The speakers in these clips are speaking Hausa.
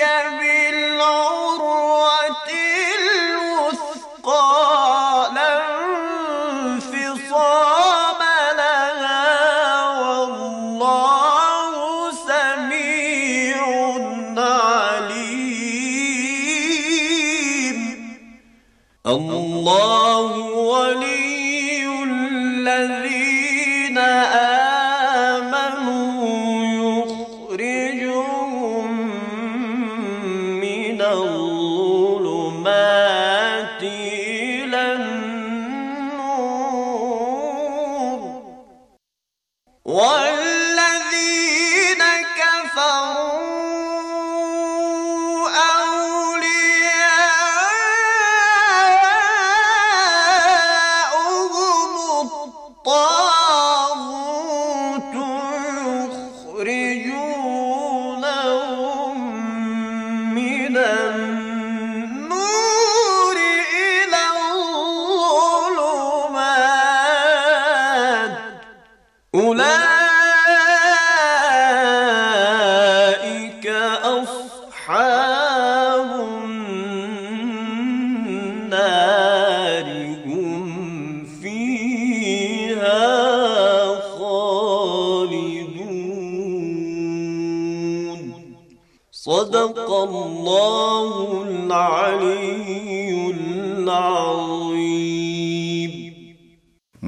كبير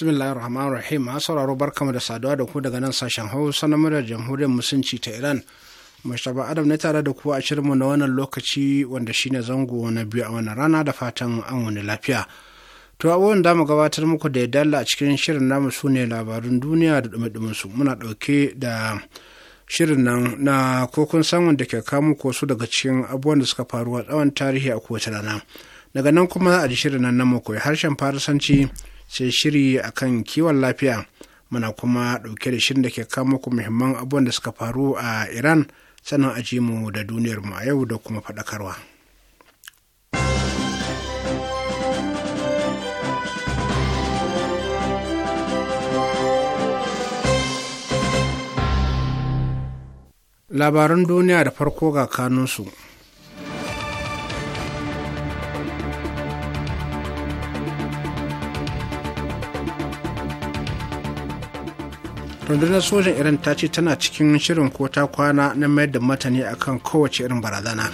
bismillahir rahmanir rahim a sauraro barkamu da saduwa da ku daga nan sashen hausa na murar jamhuriyar musulunci ta iran mustapha adam ne tare da ku a shirinmu na wannan lokaci wanda shine zango na biyu a wannan rana da fatan an wani lafiya to abubuwan da mu gabatar muku da dalla a cikin shirin namu su ne labarun duniya da dumi muna dauke da shirin nan na kokun samun da ke kamo ko su daga cikin abubuwan da suka faru a tsawon tarihi a kowace rana daga nan kuma a ji shirin nan na mu harshen farisanci sai shiri akan kiwon lafiya muna kuma ɗauke da shirin da ke kawo muku muhimman abubuwan da suka faru a iran sannan aji mu da duniyar mu a yau da kuma faɗakarwa labaran duniya da farko ga kanunsu rundunar sojan iran ta ce tana cikin shirin ko ta kwana na mayar da matani akan kowace irin barazana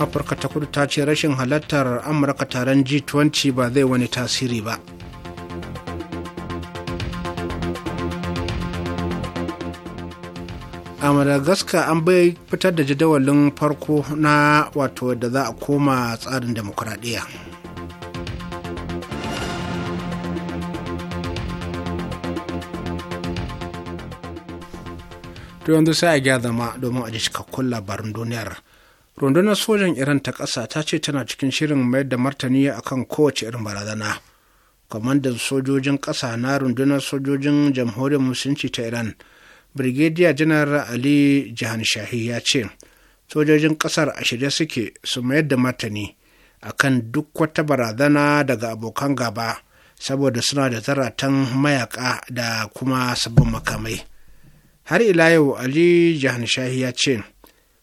afirka ta kudu ta ce rashin halartar amurka taron g20 ba zai wani tasiri ba a madagascar an bai fitar da jadawalin farko na wato da za a koma tsarin demokuraɗiyya to yanzu sai a gyara zama domin a ji cikakkun labarin duniyar rundunar sojan iran ta ƙasa ta ce tana cikin shirin mayar da martani a kan kowace irin barazana kwamandan sojojin ƙasa na rundunar sojojin jamhuriyar musulunci ta iran brigadier general ali jihan shahi ya ce sojojin ƙasar a shirye suke su mayar da martani a kan duk wata barazana daga abokan gaba saboda suna da zaratan mayaka da kuma sabbin makamai har ila yau ali shahi ya ce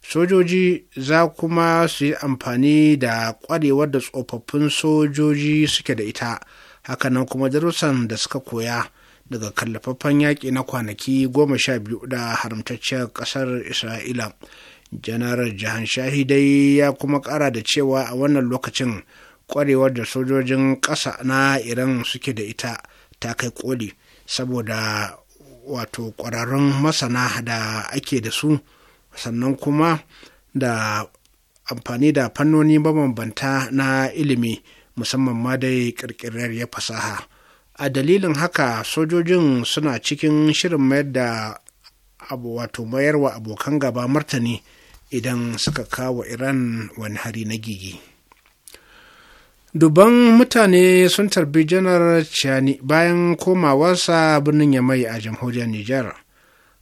sojoji za kuma su yi amfani da ƙwarewar da tsofaffin sojoji suke da ita hakanan kuma darussan da suka koya daga kallafaffen yaƙi na kwanaki goma sha biyu da haramtacciyar ƙasar isra'ila janar shahi dai ya kuma ƙara da cewa a wannan lokacin ƙwarewar da sojojin ƙasa na iran suke da ita ta kai ƙoli saboda wato ƙwararrun masana da ake da su sannan kuma da amfani da fannoni mabambanta na ilimi musamman ma dai ya fasaha a dalilin haka sojojin suna cikin shirin mayar da abu wato mayarwa abokan gaba martani idan suka kawo iran wani hari na gigi. duban mutane sun tarbi janar ciyani bayan komawarsa birnin yamai a jamhuriyar nijar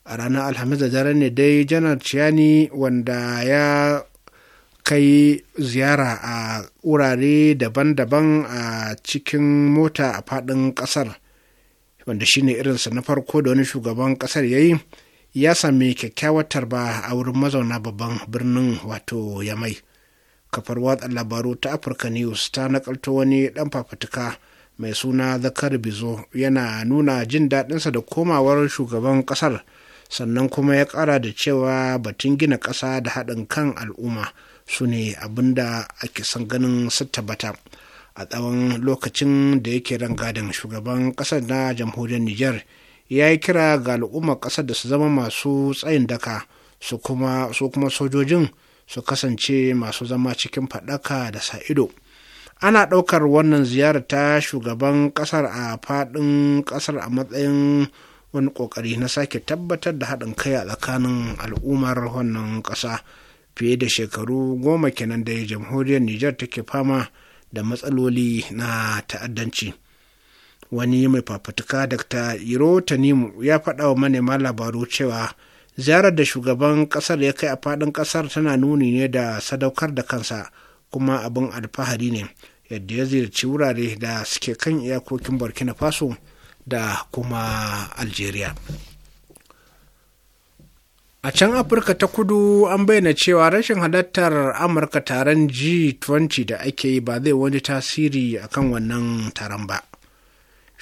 a ranar alhamis da dare ne dai janar ciyani wanda ya kai ziyara a wurare daban-daban a cikin mota a faɗin ƙasar wanda shine irinsa na farko da wani shugaban ƙasar ya yi ya sami kyakkyawar tarba a wurin mazauna babban birnin wato yamai kafar watsa labaru ta Afirka news ta nakalto wani dan fafutuka mai suna zakar bizo yana nuna jin daɗinsa da komawar shugaban ƙasar sannan kuma ya ƙara da cewa batun gina ƙasa da haɗin kan al'umma su ne abin da ake son ganin su a tsawon lokacin da yake rangadin shugaban ƙasar na jamhuriyar Nijar ya yi kira ga al'ummar ƙasar da su zama masu tsayin daka su kuma sojojin su kasance masu zama cikin faɗaka da sa ido. ana ɗaukar wannan ziyarar ta shugaban ƙasar a faɗin ƙasar a matsayin wani ƙoƙari na sake tabbatar da haɗin kai a tsakanin al'ummar wannan ƙasa fiye da shekaru goma kenan da jamhuriyar niger take fama da matsaloli na ta'addanci wani mai fafutuka dr iro tanimu ya faɗa wa manema labaru cewa ziyarar da shugaban kasar ya kai a faɗin kasar tana nuni ne da sadaukar da kansa kuma abin alfahari ne yadda ya ziyarci wurare da suke kan iyakokin burkina faso da kuma algeria a can afirka ta kudu an bayyana cewa rashin halartar amurka taron g20 da ake yi ba zai wani tasiri akan wannan taron ba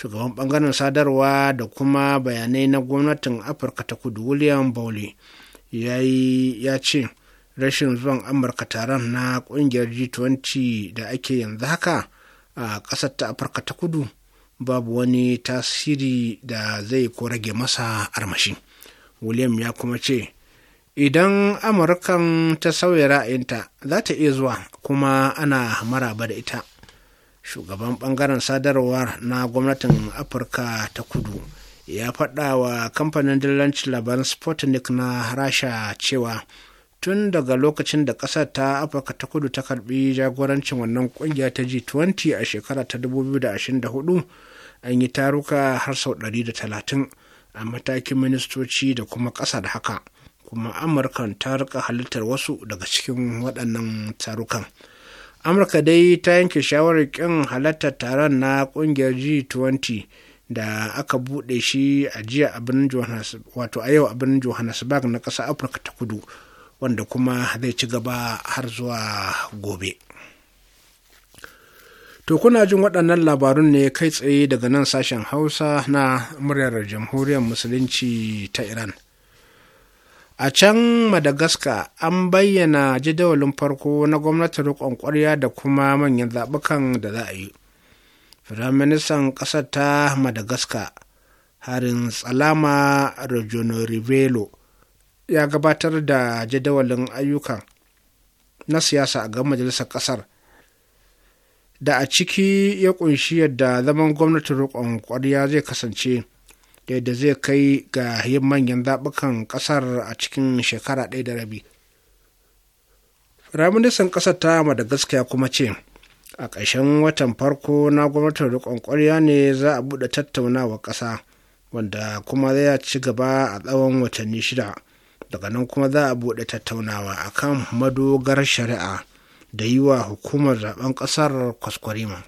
shugaban bangaren sadarwa da kuma bayanai na gwamnatin afirka ta kudu william bowley ya ce rashin zuwan amurka taron na kungiyar g20 da ake yanzu haka a ƙasar ta afirka ta kudu babu wani tasiri da zai ko rage masa armashi william ya kuma ce idan amurkan ta sauya ra'ayinta za ta iya zuwa kuma ana maraba da ita shugaban bangaren sadarwar na gwamnatin afirka ta kudu ya faɗa wa kamfanin dillancin labaran sputnik na rasha cewa tun daga lokacin da ƙasar ta afirka ta kudu ta karbi jagorancin wannan ƙungiya ta g20 a shekara ta 2024 an yi taruka har sau 130 a matakin ministoci da kuma ƙasa da haka kuma amurkan ta rika halittar wasu daga cikin waɗannan tarukan. amurka dai ta yanke shawarar kin halartar taron na kungiyar g20 da aka bude shi a jiya abin wato a yau a abin johannesburg na ƙasar afirka ta kudu wanda kuma zai ci gaba har zuwa gobe to kuna jin waɗannan labarun ne kai tsaye daga nan sashen hausa na muryar jamhuriyar musulunci ta iran a can madagascar an bayyana jadawalin farko na gwamnatin riƙon ƙwarya da kuma manyan zaɓukan da za a yi firaministan ƙasar ta madagascar harin tsalama rivelo ya gabatar da jadawalin ayyukan na siyasa a ga majalisar ƙasar da a ciki ya ƙunshi yadda zaman gwamnatin riƙon ƙwarya zai kasance yadda zai kai ga yin manyan zaɓukan ƙasar a cikin shekara ɗaya da rabi firaministan ƙasar ta madagaskiya kuma ce a ƙarshen watan farko na gwamnatin riƙon ƙwarya ne za a buɗe tattaunawa ƙasa wanda kuma zai ci gaba a tsawon watanni shida daga nan kuma za a buɗe tattaunawa a kan madogar shari'a da yi wa hukumar zaben ƙasar kwaskwarima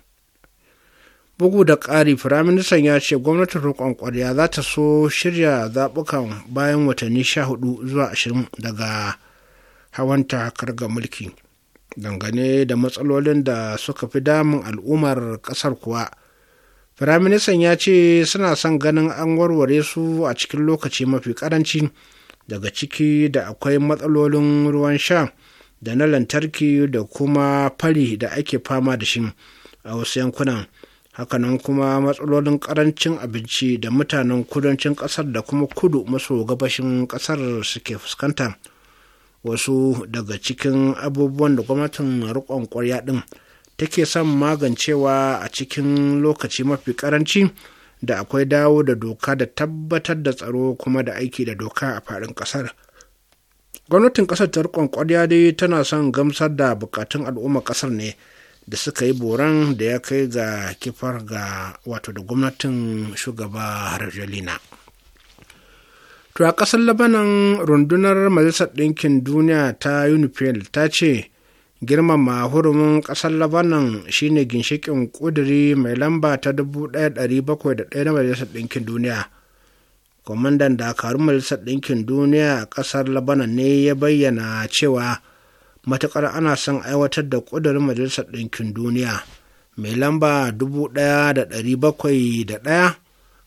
bugu da ƙari firaministan ya ce gwamnatin roƙon ƙwarya za ta so shirya zaɓukan bayan watanni sha hudu zuwa ashirin daga hawan takar ga mulki dangane da matsalolin da suka fi damun al'ummar ƙasar kuwa firaministan ya ce suna son ganin an warware su a cikin lokaci mafi ƙaranci daga ciki da akwai matsalolin ruwan sha da na lantarki da kuma fari da ake fama da shi a wasu yankunan hakanan kuma matsalolin karancin abinci da mutanen kudancin kasar da kuma kudu maso gabashin kasar suke fuskanta wasu daga cikin abubuwan da gwamnatin rikon kwarya din take son magancewa a cikin lokaci mafi karanci da akwai dawo da doka da tabbatar da tsaro kuma da aiki da doka a faɗin ƙasar gwamnatin ƙasar ta rikon kwarya dai tana son gamsar da bukatun al'ummar ƙasar ne da suka yi boran da ya kai ga kifar ga wato da gwamnatin shugaba harjalina to a ƙasar labanan rundunar majalisar ɗinkin duniya ta unifil ta ce girmama hurumin ƙasar labanan shine ginshiƙin ƙuduri mai lamba ta da ɗaya na majalisar ɗinkin duniya kwamandan dakarun majalisar ɗinkin duniya a ƙasar labanan ne ya bayyana cewa matuƙar ana son aiwatar da ƙudurin majalisar ɗinkin duniya mai lamba 1701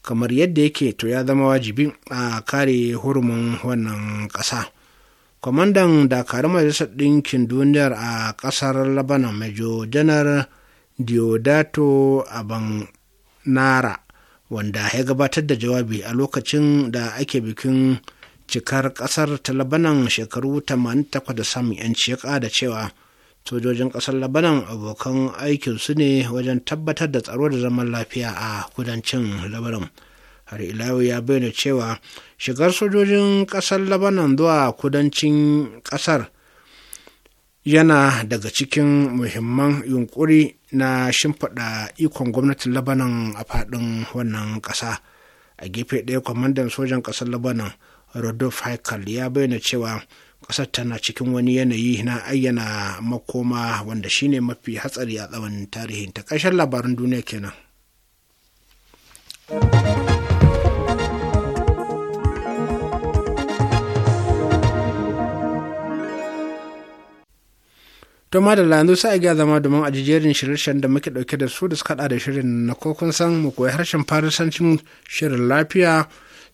kamar yadda yake to ya zama wajibi a kare hurumin wannan ƙasa kwamandan dakarun majalisar ɗinkin duniyar a ƙasar labanan majo janar diodato aban nara wanda ya gabatar da jawabi a lokacin da ake bikin cikar kasar ta labanan shekaru 88 da samun yanci ya da cewa sojojin kasar labanan abokan aikin su ne wajen tabbatar da tsaro da zaman lafiya a kudancin labanan har ilayu ya bayyana cewa shigar sojojin kasar labanan zuwa kudancin kasar yana daga cikin muhimman yunkuri na shimfiɗa ikon gwamnatin labanan a faɗin wannan ƙasa a gefe ɗaya kwamandan sojan ƙasar labanan rodolf haikal ya bayyana cewa ƙasar tana cikin wani yanayi na ayyana makoma wanda shine mafi hatsari a tsawon tarihin ta ƙarshen labarin duniya kenan. to ma da yanzu sai ga zama domin a jijerin shirye-shiryen da muke dauke da su da suka da shirin na kokun san mu koyi harshen farisancin shirin lafiya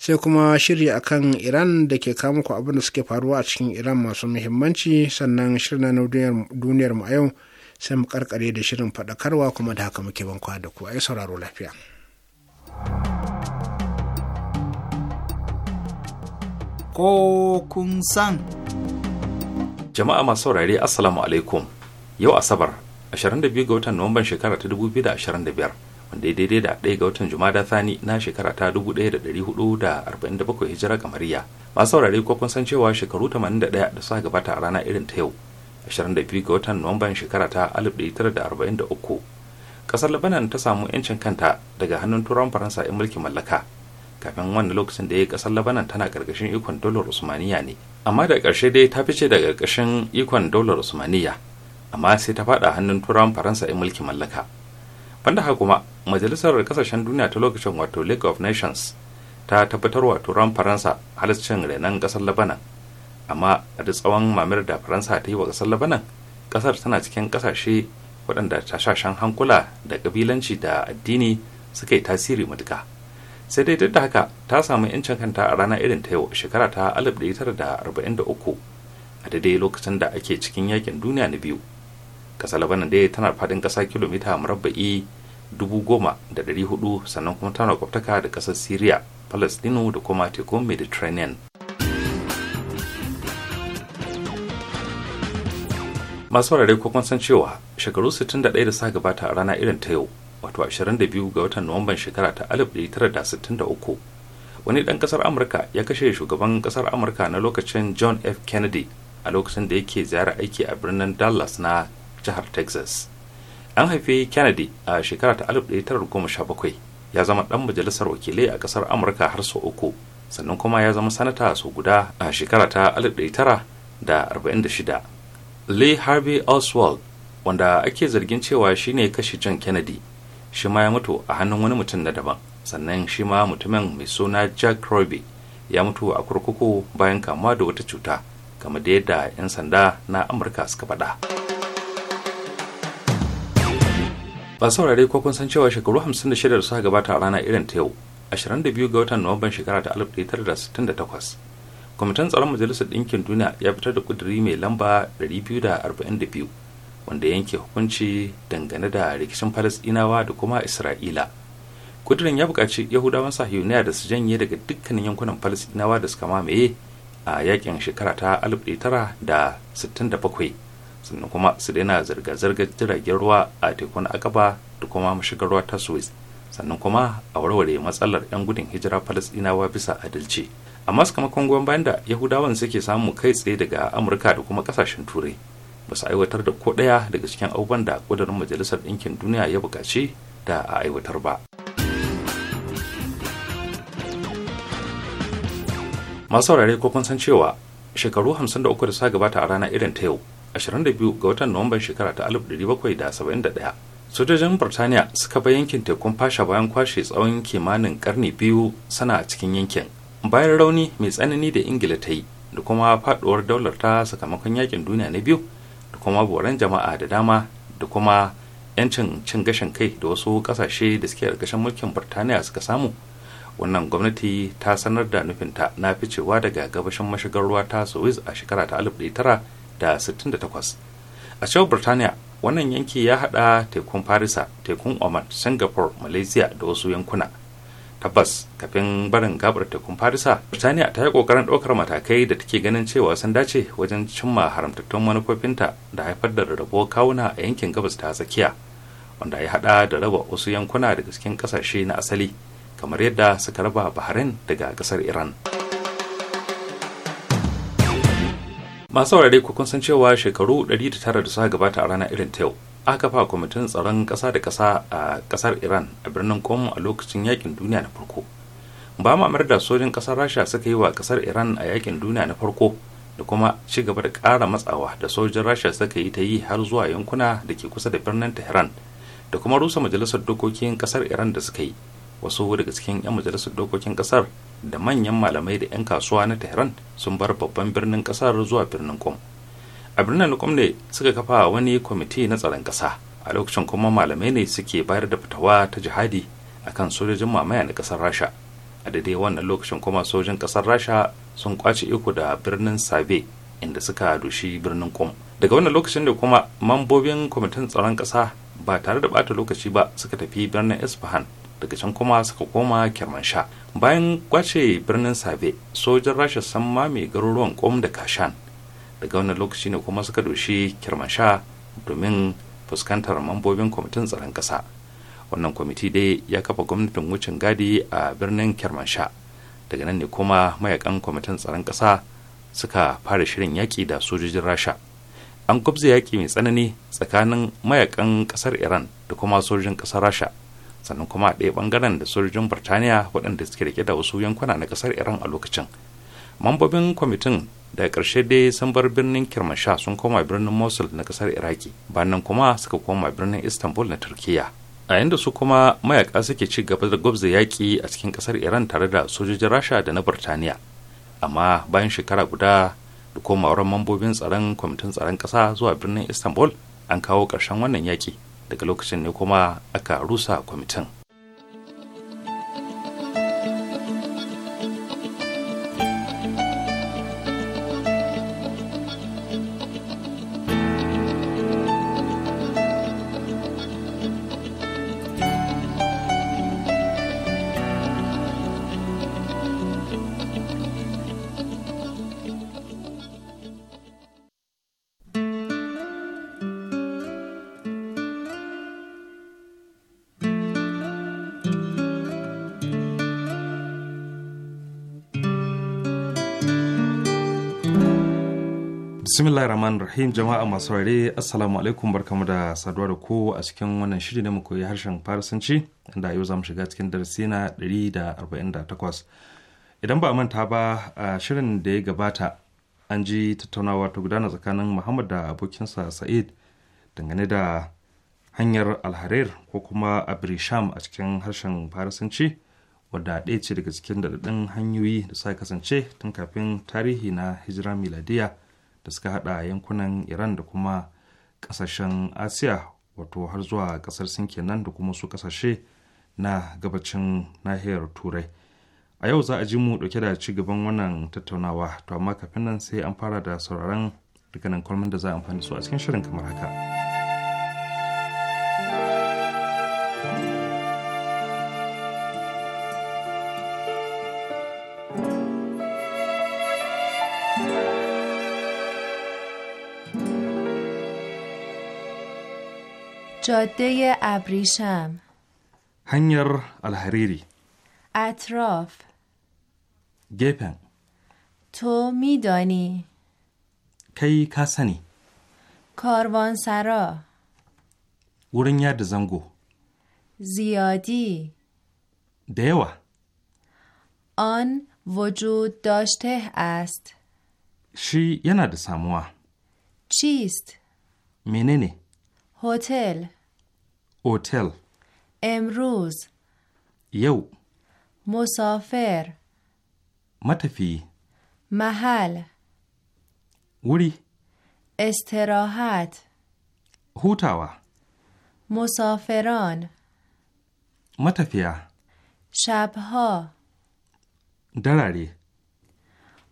sai kuma shiri a kan iran da ke kawo ku abin da suke faruwa a cikin iran masu muhimmanci sannan shirin na duniyar mu a yau sai mu karkare da shirin faɗakarwa kuma da haka muke bankwa da ku yi sauraro lafiya. Ko kun san. Jama'a masu saurare Assalamu alaikum. Yau Asabar, 22 ga watan Nuwamban shekara ta 2025. wanda ya daidai da ɗaya ga watan jumada thani na shekara ta 1447 hijira kamariya masu saurare ko kun san cewa shekaru 81 da suka gabata a rana irin ta yau 22 ga watan nuwamban shekara ta 1943 kasar labanan ta samu 'yancin kanta daga hannun turawan faransa 'yan mulkin mallaka kafin wannan lokacin da ya kasar labanan tana karkashin ikon dolar usmaniya ne amma da ƙarshe dai ta fice daga karkashin ikon dolar usmaniya amma sai ta faɗa hannun turan faransa 'yan mulkin mallaka banda haka kuma majalisar kasashen duniya ta lokacin wato league of nations ta tabbatar wato ran faransa halascin renon kasar labanan amma a da tsawon mamir da faransa ta yi wa kasar labanan kasar tana cikin kasashe waɗanda tashashen hankula da kabilanci da addini suka yi tasiri matuka sai dai duk da haka ta samu 'yancin kanta a rana irin ta yau shekara ta 1943 a daidai lokacin da ake cikin yakin duniya na biyu ƙasar labanan dai tana fadin kasa kilomita murabba'i dubu goma da ɗari sannan kuma tana kwaftaka da kasar syria palestino da kuma tekun mediterranean masu warare ko kun san cewa shekaru 61 da sa gabata a rana irin ta yau wato 22 ga watan nuwamban shekara ta 1963 wani dan kasar amurka ya kashe shugaban kasar amurka na lokacin john f kennedy a lokacin da yake ziyara aiki a birnin dallas na jihar texas an haifi kennedy a shekara ta 1917 ya zama dan majalisar wakilai a kasar amurka har sau uku sannan kuma ya zama sanata sau guda a shekara ta 1946 lee harvey oswald wanda ake zargin cewa shine kashe john kennedy shi ma ya mutu a hannun wani mutum na daban sannan shi ma mutumin mai suna jack roby ya mutu a kurkuku bayan kamuwa da wata cuta kamar da yadda 'yan sanda na amurka suka faɗa. ba saurare ko kun san cewa shekaru 56 da suka gabata a rana irin ta yau 22 ga watan nuwamban shekara ta 1968 kwamitin tsaron majalisar ɗinkin duniya ya fitar da kuduri mai lamba 242 wanda yanke hukunci dangane da rikicin falasɗinawa da kuma isra'ila kudirin ya buƙaci yahudawan sahiyoniya da su janye daga dukkanin yankunan falasɗinawa da suka mamaye a yakin shekara ta 1967 sannan kuma su daina zirga-zirgar jiragen ruwa a tekun akaba da kuma mashigar ruwa ta suez sannan kuma a warware matsalar 'yan gudun hijira falasɗinawa bisa adalci amma kama goyon bayan da yahudawan suke samu kai tsaye daga amurka da kuma kasashen turai ba su aiwatar da ko ɗaya daga cikin abubuwan da ƙudurin majalisar ɗinkin duniya ya buƙaci da a aiwatar ba masu saurare ko kun san cewa shekaru 53 da suka gabata a rana irin ta yau 22 ga watan nuwamban shekara ta 1771 sojojin burtaniya suka bai yankin tekun fasha bayan kwashe tsawon kimanin karni biyu sana a cikin yankin bayan rauni mai tsanani da ingila ta yi da kuma faduwar daular ta sakamakon yakin duniya na biyu da kuma boran jama'a da dama da kuma yancin cin gashin kai da wasu kasashe da suke ƙarƙashin mulkin burtaniya suka samu wannan gwamnati ta sanar da nufinta na ficewa daga gabashin mashigar ruwa ta suez a shekara ta da 68 a cewar birtaniya wannan yanki ya hada tekun farisa tekun oman singapore malaysia da wasu yankuna tabbas kafin barin gabar tekun farisa birtaniya ta yi kokarin ɗaukar matakai da take ganin cewa sun dace wajen cimma haramtattun manufofinta da haifar da rarrabo kawuna a yankin gabas ta tsakiya wanda ya hada da raba wasu yankuna daga cikin kasashe na asali kamar yadda suka raba bahrain daga kasar iran. masu saurare ku kun san cewa shekaru 109 da suka gabata a ranar irin ta yau aka kafa kwamitin tsaron ƙasa da ƙasa a ƙasar iran a birnin kom a lokacin yakin duniya na farko ba mamar da sojin ƙasar rasha suka yi wa ƙasar iran a yakin duniya na farko da kuma ci gaba da ƙara matsawa da sojin rasha suka yi ta yi har zuwa yankuna da ke kusa da birnin tehran da kuma rusa majalisar dokokin ƙasar iran da suka yi wasu daga cikin 'yan majalisar dokokin kasar da manyan malamai da 'yan kasuwa na tehran sun bar babban birnin kasar zuwa birnin kum a birnin kom ne suka kafa wani kwamiti na tsaron kasa a lokacin kuma malamai ne suke bayar da fitawa ta jihadi akan sojojin mamaya na kasar rasha a daidai wannan lokacin kuma sojin kasar rasha sun kwace iko da birnin sabe inda suka dushi birnin kum daga wannan lokacin da kuma mambobin kwamitin tsaron kasa ba tare da bata lokaci ba suka tafi birnin isfahan daga can kuma suka koma kirmansha bayan kwace birnin save sojin rasha sun mame garuruwan kom da kashan daga wani lokaci ne kuma suka doshi kirmansha domin fuskantar mambobin kwamitin tsaron kasa wannan kwamiti dai ya kafa gwamnatin wucin gadi a birnin kirmansha daga nan ne kuma mayakan kwamitin tsaron kasa suka fara shirin yaƙi da sojojin rasha an gwabza yaƙi mai tsanani tsakanin mayakan ƙasar iran da kuma sojojin ƙasar rasha sannan kuma a ɗaya bangaren da sojojin burtaniya waɗanda suke rike da wasu yankuna na ƙasar iran a lokacin mambobin kwamitin da ƙarshe dai sun bar birnin kirmasha sun koma birnin mosul na ƙasar iraki bayan kuma suka koma birnin istanbul na turkiyya. a yanda su kuma mayaka suke ci gaba da gwabza yaƙi a cikin ƙasar iran tare da sojojin rasha da na burtaniya amma bayan shekara guda da komawar mambobin tsaron kwamitin tsaron ƙasa zuwa birnin istanbul an kawo ƙarshen wannan yaƙi daga lokacin ne kuma aka rusa kwamitin bismillah rahman rahim jama'a masu rare assalamu alaikum barkamu da saduwa da ku a cikin wannan shiri na mu koyi harshen farisanci inda yau zamu mu shiga cikin darasi na 148 idan ba a manta ba a shirin da ya gabata an ji tattaunawa ta gudana tsakanin muhammad da abokinsa sa'id dangane da hanyar alharir ko kuma abrisham a cikin harshen farisanci wadda ɗaya ce daga cikin daɗaɗɗun hanyoyi da suka kasance tun kafin tarihi na hijira miladiya da suka hada yankunan iran da kuma kasashen asiya wato har zuwa kasar sin kenan da kuma su kasashe na gabacin nahiyar turai a yau za a ji mu dauke da ci gaban wannan tattaunawa to amma kafin nan sai an fara da sauraron rikanin kwalmin da za a amfani su a cikin shirin kamar haka. جاده ابریشم هنگر الحریری اطراف گپن تو میدانی کی کسنی کاروان سرا یاد زنگو زیادی دیوا آن وجود داشته است شی یه د چیست؟ مننه هتل هتل امروز یو مسافر متفی محل وری استراحت هوتاوا مسافران متفیا شبها دراری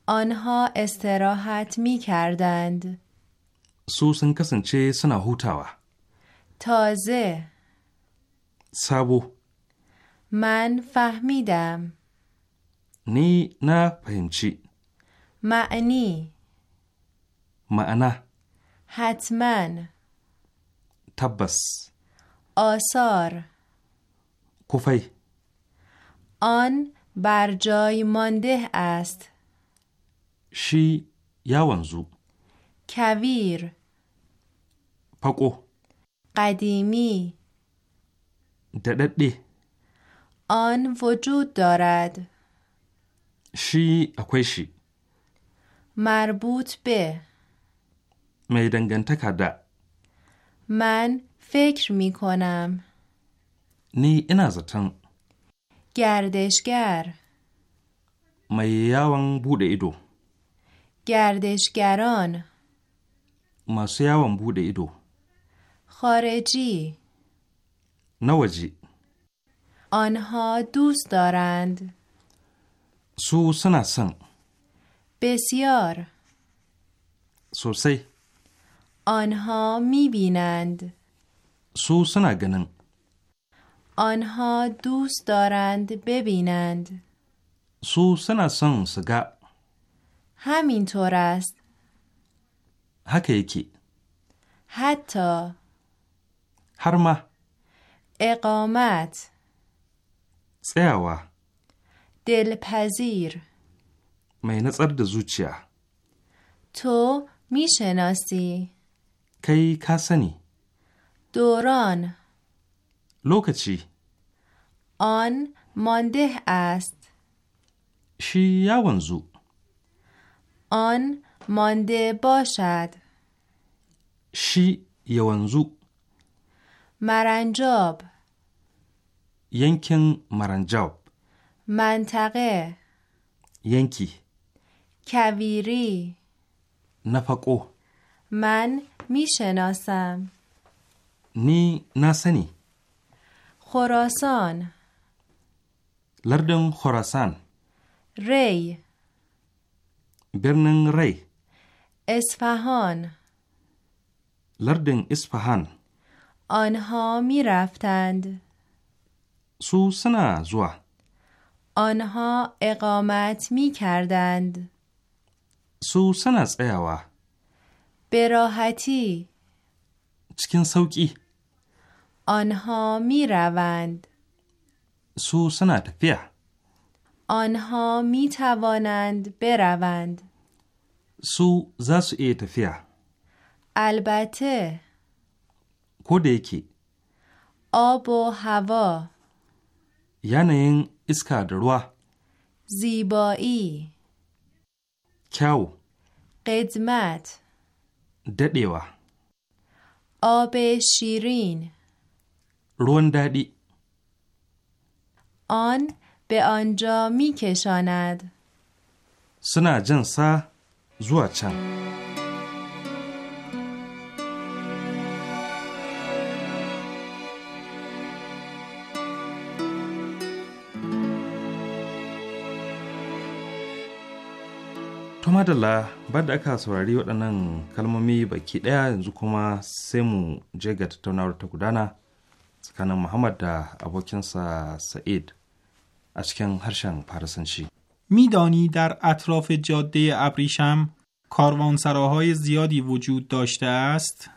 آنها استراحت می کردند سو سن کسنچه سنا هوتاوا تازه سابو من فهمیدم نی نه فهمچی معنی معنا حتما تبس آثار کفی آن بر جای مانده است شی یاونزو کویر پاکو قدیمی daɗaɗɗe آن وجود دارد شی اکویشی شی مربوط به می دنگنتک من فکر می کنم نی اینا زتن گردشگر می بوده ایدو گردشگران ما yawon بوده ایدو. خارجی. نوجی آنها دوست دارند سو سن بسیار سوسی آنها می بینند سو گنن آنها دوست دارند ببینند سو سن سگا همینطور است هکیکی حتی هر اقامت سیاوه دلپذیر مینه سرد زوچیا تو میشناسی کی کسنی دوران لوکچی آن مانده است شی آن مانده باشد شی مرنجاب ینکن مرنجاب منطقه ینکی کویری نفقو من میشناسم نی ناسنی خراسان لردن خراسان ری برنن ری اسفهان لردن اسفهان آنها می رفتند سو سنا زوا آنها اقامت می کردند سو سنا از به راحتی چکن سوکی آنها می روند سو سنا تفیه آنها می توانند بروند سو زس ای تفیه البته کودکی آب و هوا یعنی اسکا دروا زیبایی قدمت ددیوا آب شیرین روان دادی آن به آنجا میکشاند. کشاند سنا جنسا To madalla da aka saurari waɗannan kalmomi baki ɗaya yanzu kuma sai mu je ga tattaunawar ta gudana tsakanin Muhammad da abokinsa Sa'id a cikin harshen Farisanci. میدانی در اطراف جاده ابریشم کاروانسراهای زیادی وجود داشته است؟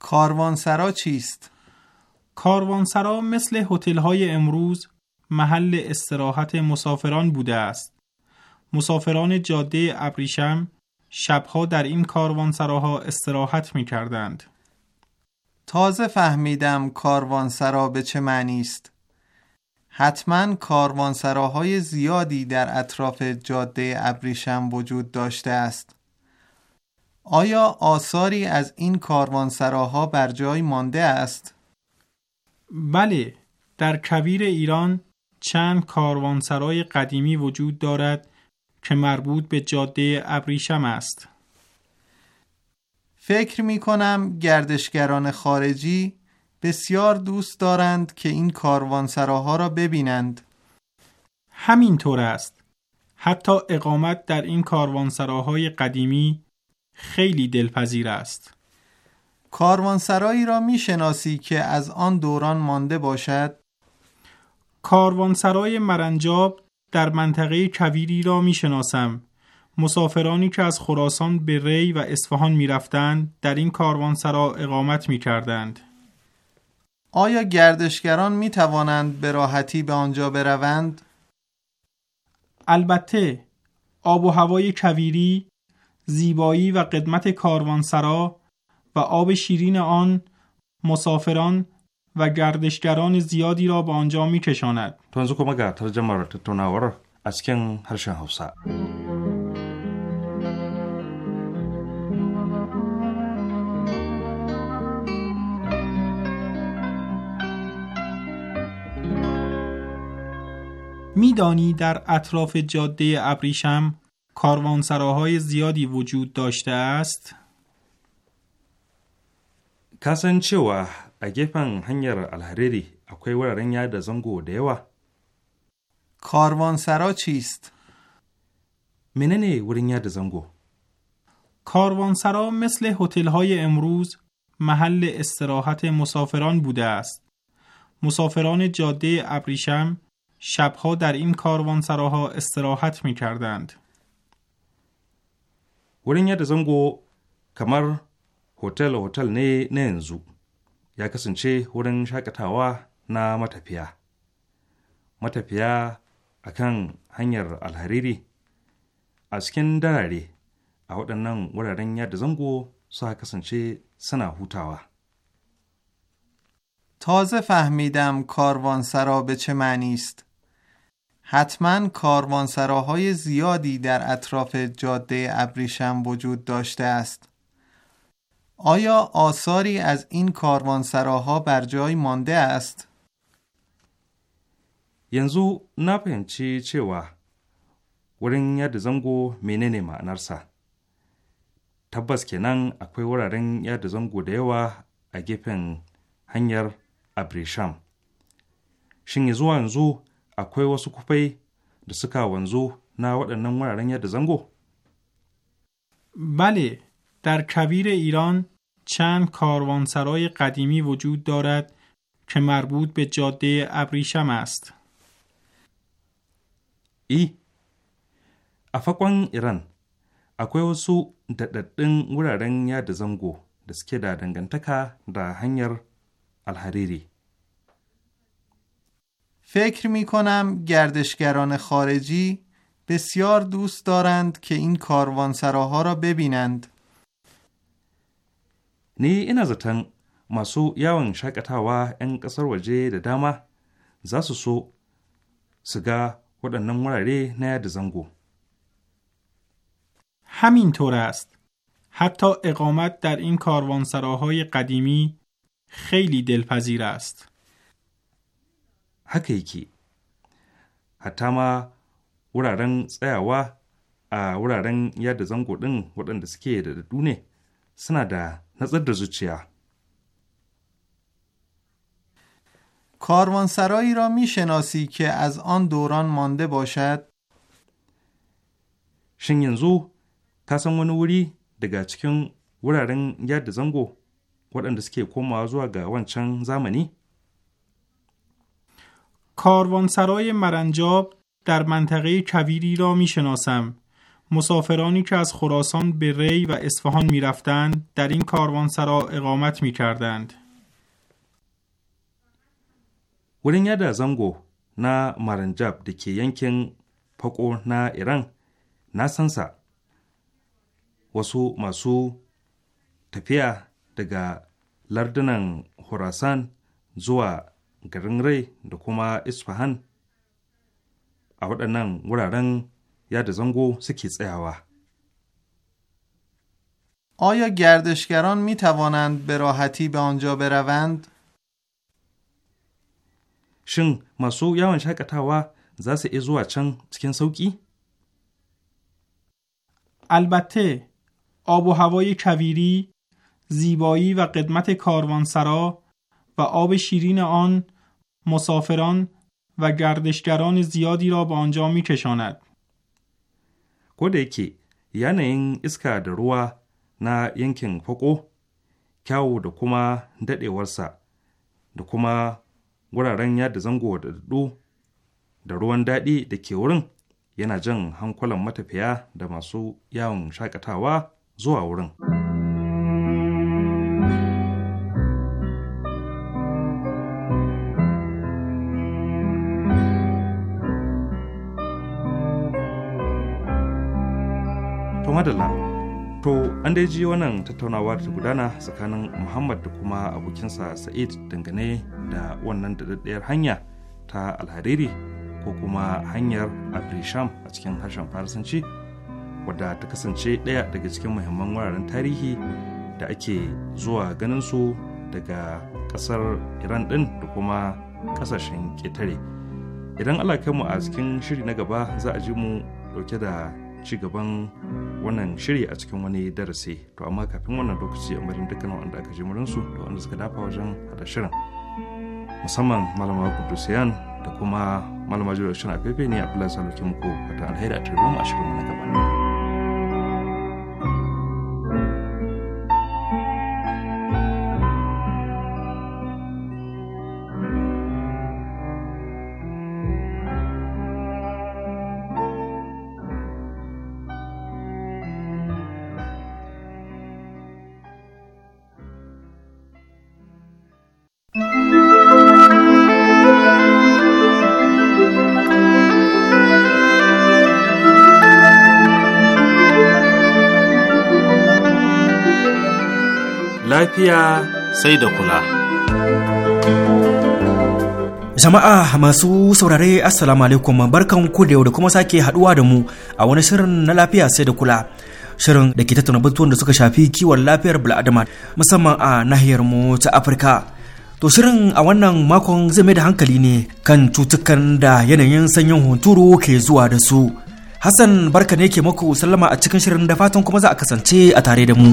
کاروانسرا چیست؟ کاروانسرا مثل هتل‌های امروز محل استراحت مسافران بوده است. مسافران جاده ابریشم شبها در این کاروانسراها استراحت می کردند. تازه فهمیدم کاروانسرا به چه معنی است. حتما کاروانسراهای زیادی در اطراف جاده ابریشم وجود داشته است. آیا آثاری از این کاروانسراها بر جای مانده است؟ بله، در کویر ایران چند کاروانسرای قدیمی وجود دارد که مربوط به جاده ابریشم است. فکر می کنم گردشگران خارجی بسیار دوست دارند که این کاروانسراها را ببینند. همینطور است. حتی اقامت در این کاروانسراهای قدیمی خیلی دلپذیر است. کاروانسرایی را می شناسی که از آن دوران مانده باشد؟ کاروانسرای مرنجاب در منطقه کویری را می شناسم. مسافرانی که از خراسان به ری و اصفهان می رفتند در این کاروانسرا اقامت می کردند. آیا گردشگران می توانند به راحتی به آنجا بروند؟ البته آب و هوای کویری، زیبایی و قدمت کاروانسرا و آب شیرین آن مسافران و گردشگران زیادی را به آنجا می کشاند. میدانی در اطراف جاده ابریشم کاروانسراهای زیادی وجود داشته است؟ کسان چه a gefen hanyar alhariri akwai wuraren yada zango da yawa کاروانسرا چیست؟ منن ورین یاد زنگو کاروانسرا مثل هتل های امروز محل استراحت مسافران بوده است. مسافران جاده ابریشم شبها در این کاروانسراها استراحت می کردند. ورین یاد زنگو کمر هتل هتل نه نه انزو ya kasance wurin shakatawa na matafiya matafiya a kan hanyar alhariri a cikin darare a waɗannan wuraren yada zango suka kasance suna hutawa تازه فهمیدم کاروانسرا به چه معنی است. حتما کاروانسراهای زیادی در اطراف جاده ابریشم وجود داشته است. آیا آثاری از این کاروانسراها بر جای مانده است؟ yanzu na fahimci cewa wurin yadda zango menene ma'anarsa tabbas kenan akwai wuraren yada zango da yawa a gefen hanyar abrisham shin zuwa yanzu akwai wasu kufai da suka wanzu na waɗannan wuraren yada zango? bale در کویر ایران چند کاروانسرای قدیمی وجود دارد که مربوط به جاده ابریشم است. ای ایران وسو دددن ورارن یا دزنگو دسکی د در هنگر فکر می کنم گردشگران خارجی بسیار دوست دارند که این کاروانسراها را ببینند. Ni ina zaton masu yawon shakatawa 'yan ƙasar waje da dama za su so su ga waɗannan wurare na yada zango. همینطور است. حتی اقامت در این کاروانسراهای قدیمی خیلی دلپذیر است. حقیقی حتی ما wuraren tsayawa a wuraren yada zango ɗin waɗanda suke da dadu suna da نظر da کاروانسرایی را می شناسی که از آن دوران مانده باشد؟ شن ینزو تاسن و wuri daga cikin wuraren yada زنگو waɗanda suke komawa کاروانسرای مرنجاب در منطقه کویری را می شناسم. مسافرانی که از خراسان به ری و اصفهان می‌رفتند در این کاروان سرا اقامت می‌کردند. کردند. ولی یاد از آنگو نا مرنجاب دیکی ینکن پاکو نا ایران نا سنسا وسو ماسو تپیا دگا لردنان خراسان زوا گرنگ ری دکوما اصفهان. آبادانان گرایان یاد زنگو سکیز ایوا آیا گردشگران می توانند به راحتی به آنجا بروند؟ شن مسو یوان شکتاوا زاس ایزوا چن سکن سوکی؟ البته آب و هوای کویری، زیبایی و قدمت کاروانسرا و آب شیرین آن مسافران و گردشگران زیادی را به آنجا می کشاند. Ko da yake yanayin iska da ruwa na yankin fako kyawu da kuma daɗewarsa da kuma wuraren yada zango da daɗu da ruwan daɗi da ke wurin yana jan hankulan matafiya da masu yawon shakatawa zuwa wurin. madala to an dai ji wannan tattaunawa ta gudana tsakanin muhammad da kuma abokinsa sa'id dangane da wannan daɗaɗɗiyar hanya ta alhariri ko kuma hanyar abrisham a cikin harshen farisanci wadda ta kasance ɗaya daga cikin muhimman wuraren tarihi da ake zuwa ganin su daga ƙasar iran ɗin da kuma ƙasashen ƙetare idan allah mu a cikin shiri na gaba za a ji mu ɗauke da ci gaban wannan shiri a cikin wani darasi to amma kafin wannan lokaci a marin dukkan wanda aka ji su da wanda suka dafa wajen hada shirin musamman malama kudusiyan da kuma malama jirgin shirin a ne a salo ke muku fata alheri a a shirin na gaba. lafiya sai da kula. Jama'a masu saurare Assalamu alaikum barkan ku da yau da kuma sake haduwa da mu a wani shirin na lafiya sai da kula. Shirin da ke tattauna batuwan da suka shafi kiwon lafiyar bil'adama musamman a nahiyar mu ta Afirka. To shirin a wannan makon zai mai da hankali ne kan cutukan da yanayin sanyin hunturu ke zuwa da su. Hassan barka ne ke maku sallama a cikin shirin da fatan kuma za a kasance a tare da mu.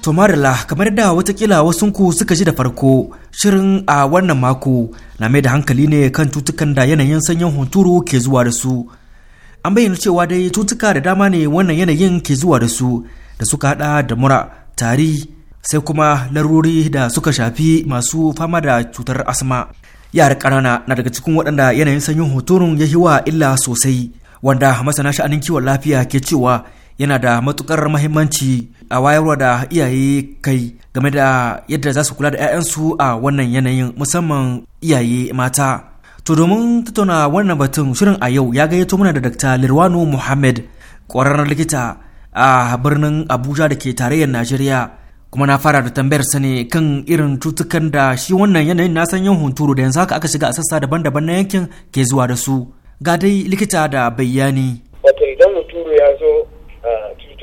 To Marila, kamar da watakila wasunku suka ji da farko, shirin a wannan mako na mai da hankali ne kan cutukan da yanayin sanyin hunturu ke zuwa da su. An bayyana cewa dai cutuka da dama ne wannan yanayin ke zuwa da su da suka hada da mura, tari, sai kuma larurori da suka shafi masu fama da cutar asma. Yara ƙanana na daga cikin waɗanda yanayin sanyin hunturun ya wa illa sosai, wanda masana sha'anin kiwon lafiya ke cewa yana da matukar mahimmanci a wayarwa da iyaye kai game da yadda za su kula da 'ya'yansu a wannan yanayin musamman iyaye mata to domin tattauna wannan batun shirin a yau ya gayyato mana da dr lirwano muhammad ƙwararren likita a birnin abuja da ke tarayyar najeriya kuma na fara da tambayar sa ne kan irin cutukan da shi wannan yanayin na san yin hunturu da yanzu haka aka shiga a sassa daban-daban na yankin ke zuwa da su ga dai likita da bayani wato idan hunturu ya zo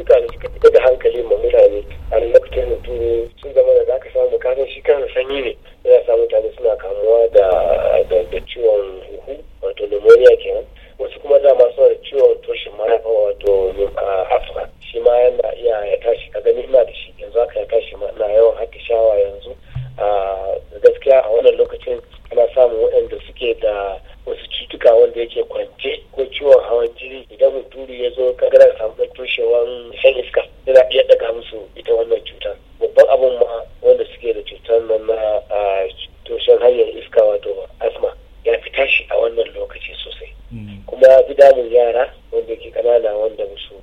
mutane da suka fita da hankali ma mutane a lokacin mutum sun zama da zaka samu kasan shi kan sanyi ne za sa mutane suna kamuwa da ciwon huhu wato pneumonia kenan wasu kuma dama suna da ciwon toshin marafa wato afra shi ma yana iya ya tashi ka gani ina da shi yanzu haka ya tashi ma ina yawan haka shawa yanzu a gaskiya a wannan lokacin ana samun waɗanda suke da wasu cutuka wanda yake kwance ko ciwon hawan jini idan muturi ya zo kagarar ɗan toshewan shan iska yana iya daga musu ita wannan cutar babban abun ma wanda suke da cutar nan na toshen hanyar iska wato asma ya fi tashi a wannan lokaci sosai hmm. kuma gidamu yara wanda ke kanana wanda musu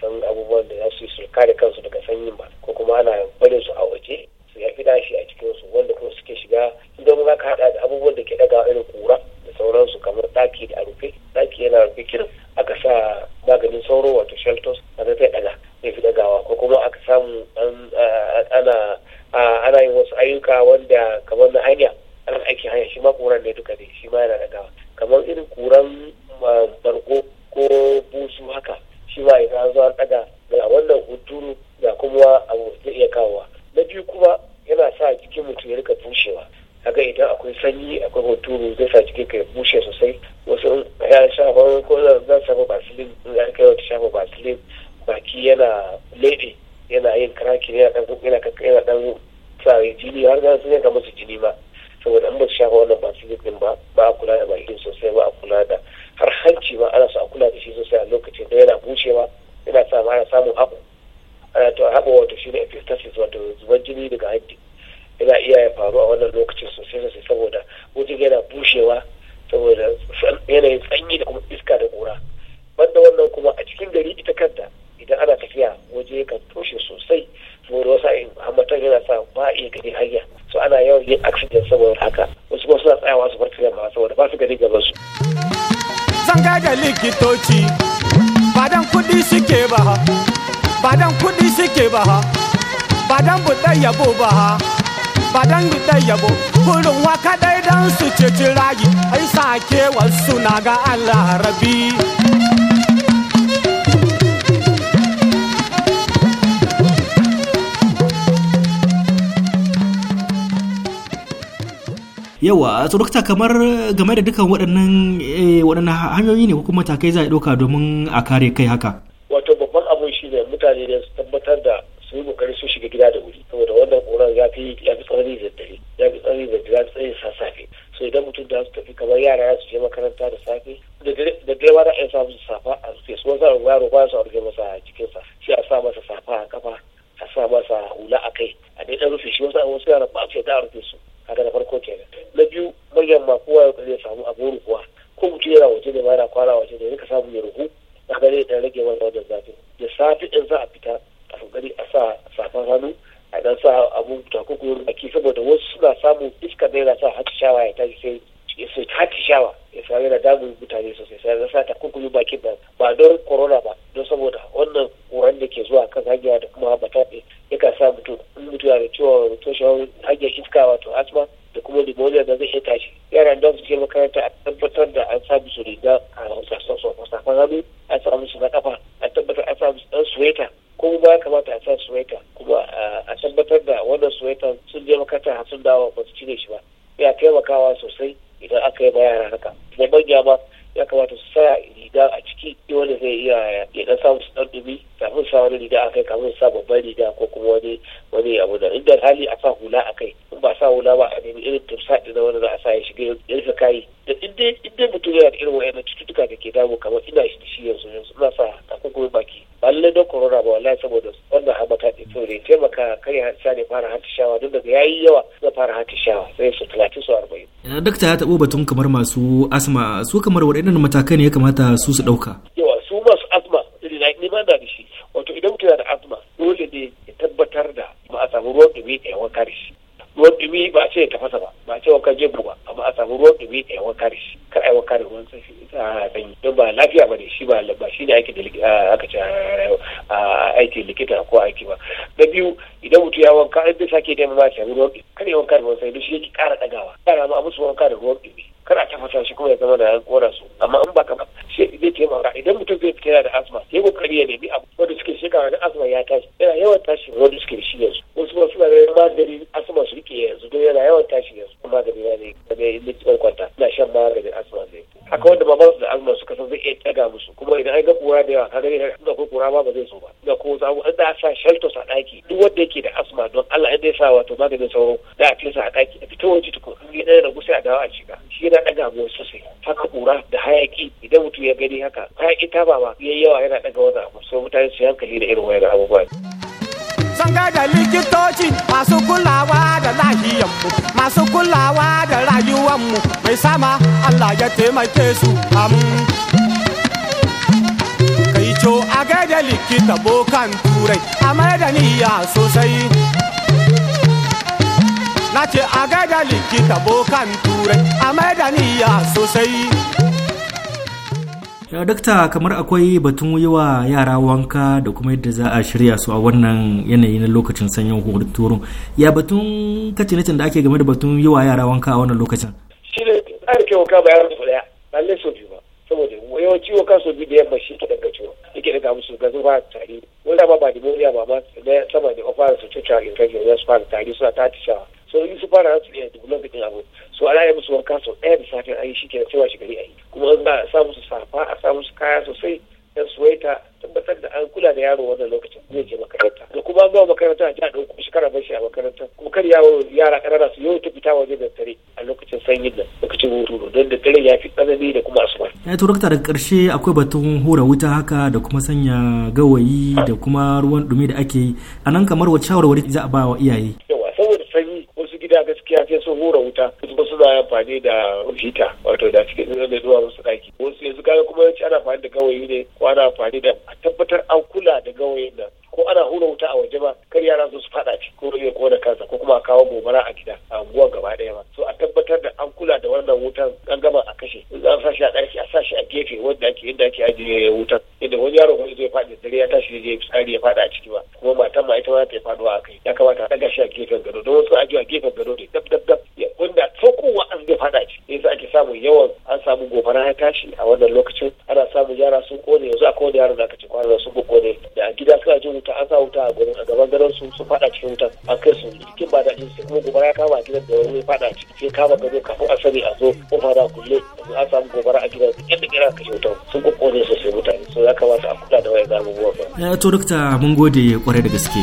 san abubuwan da za su yi su kare kansu daga sanyi ba ko kuma ana barin su a waje su ya fi tashi a cikinsu wanda kuma suke shiga idan za ka haɗa da abubuwan da ke ɗaga irin kura sauransu kamar ɗaki da rufe ɗaki yana rufe kirin aka sa maganin sauro wato shelters a zai daga zai fi dagawa ko kuma aka samu ana ana wasu ayyuka wanda kamar na hanya an aiki hanya shi ma kuran ne duka ne shi ma yana dagawa kamar irin kuran barko ko busu haka shi ma idan zo an daga da wannan hunturu ga kuma abu zai iya kawowa na biyu kuma yana sa jikin mutum ya rika bushewa ga idan akwai sanyi akwai hunturu zai sa jikin ka bushe sosai wasu ya shafa ko zan shafa basilin ya kai wata shafa basilin baki yana lebe yana yin kraki yana dan yana yana dan sa jini har da sun yanka musu jini ba saboda an ba su shafa wannan basilin din ba ba a kula da bakin sosai ba a kula da har hanci ma ana so a kula da shi sosai a lokacin da yana bushewa yana sa ana samun haɓo ana to haɓo wato shi ne epistasis wato zuban jini daga hanci yana iya ya faru a wannan lokacin sosai sosai saboda wajen yana bushewa saboda yanayin tsanyi da kuma iska da kura banda wannan kuma a cikin gari ita kanta idan ana tafiya waje kan toshe sosai saboda wasu ayin yana sa ba iya gani hanya so ana yawan yin accident saboda haka wasu kuma suna tsayawa su farka yamma saboda ba su gani gaban su. zan gaja likitoci dan kudi suke ba ha badan kudi suke ba ha dan buɗe yabo ba ha ba dan da yabo kurin waka dai dan su ceci rayi ai sake wasu na ga Allah rabi yawa tsorokta kamar game da dukan waɗannan eh, hanyoyi ne ko kuma takai za a ɗauka domin a kare kai haka dakta ya taɓo batun kamar masu asma su kamar waɗannan matakai ne ya kamata su su ɗauka na biyu idan mutum ya wanka in zai sake da a shi ruwan ɗumi kada ya wanka da ruwan sanyi shi yake ƙara ɗagawa yara ma a musu wanka da ruwan ɗumi kada a tafasa shi kuma ya zama da an kora su amma in ba kamar shi zai taimaka idan mutum zai fita da asma ya kokari ya nemi abu wanda suke shekara da asma ya tashi yana yawan tashi da suke shi yanzu wasu ba suna da magani asma su rike yanzu don yana yawan tashi yanzu magani na ne da ne kwanta na shan maganin asma ne akwai wanda ba su da azumar su kasa zai iya taga musu kuma idan an ga kura da yawa kaga ne da kai kura ma ba zai so ba da ko za an da sa shelters a daki duk wanda yake da asma don Allah in dai sa wato maganin sauro da a fesa a daki a fito waje tukun in ya da gusa a dawo a shiga shi yana daga mu sosai haka kura da hayaki idan mutum ya gani haka hayaki ita ba ma yayi yawa yana daga wani abu so mutane su hankali da irin wayar abubuwa. sanga da likitoci masu kulawa da lahiyanmu masu kulawa da rayuwanmu mai sama Allah ya taimake su am kai co a gaida likita bokan turai a da niyya sosai na ce a gaida likita bokan turai a da niyya sosai dakta kamar akwai batun yi wa yara wanka da kuma yadda za a shirya su a wannan yanayi na lokacin sanyin huturu ya batun kacinacin da ake game da batun yi wa yara wanka a wannan lokacin shi ne tsarkin wanka ba yaran su daya lalle so biyu ba saboda yawanci wanka so biyu da yamma shi ke daga ciwo yake daga musu ga zuba tari wanda ba ba dimoniya ba ma sama da ofara su cuta infection za su fara tari suna ta shawa so in su fara su iya duk lokacin abu to ala ya musu wanka sau ɗaya da safe a yi shi kenan sai washe gari a kuma an ba a sa musu safa a sa musu kaya sosai dan suwaita tabbatar da an kula da yaro wannan lokacin zai je makaranta da kuma zuwa makaranta a ɗauko shi kara bashi a makaranta kuma kar yawo yara ƙanana su yau ta fita waje da tare a lokacin sanyin nan lokacin hunturu don da dare ya fi tsanani da kuma asuwa. ya eh, turakta daga ƙarshe akwai batun hura wuta haka da kuma sanya gawayi da kuma ruwan dumi da ake yi a nan kamar wacce shawarwari za a ba wa iyaye. yawa da gaskiya sai sun hura wuta wasu suna amfani da hita wato da cikin zai da zuwa wasu ɗaki wasu yanzu kaga kuma yawanci ana amfani da gawayi ne ko ana amfani da a tabbatar an kula da gawayin nan ko ana hura wuta a waje ba kar yara su fada ci ko ya kona kansa ko kuma a kawo gobara a gida a unguwa gaba ɗaya ba so a tabbatar da an kula da wannan wutan an gama a kashe in an sashi a ɗaki a sashi a gefe wanda ake inda ake ajiye wutan inda wani yaro wani zai faɗi dare ya tashi je fitsari ya fada a ciki ba kuma matan ma ita ma ta faduwa a kai ya kamata a ɗaga shi a gefen gado don wasu ajiye a gefen gado ne dab dab dab wanda kowa an zai fada ciki ne ake samun yawan an samu gobara ya tashi a wannan lokacin ana samun yara sun kone yanzu a kowane yaro da aka ce kwanan sun kone da gida suna jin wuta an sa wuta a gurin a gaban garin su su fada cikin wutan an kai su cikin ba daɗin su kuma gobara ya kama gidan da wani fada ciki sai kama gado kafin a sani a zo kofa da kulle an samu gobara a gidan yadda kira kashe wutan sun kokkone sai mutane so ya kamata a kula da wayan abubuwan ba. to dokta mun gode kwarai da gaske.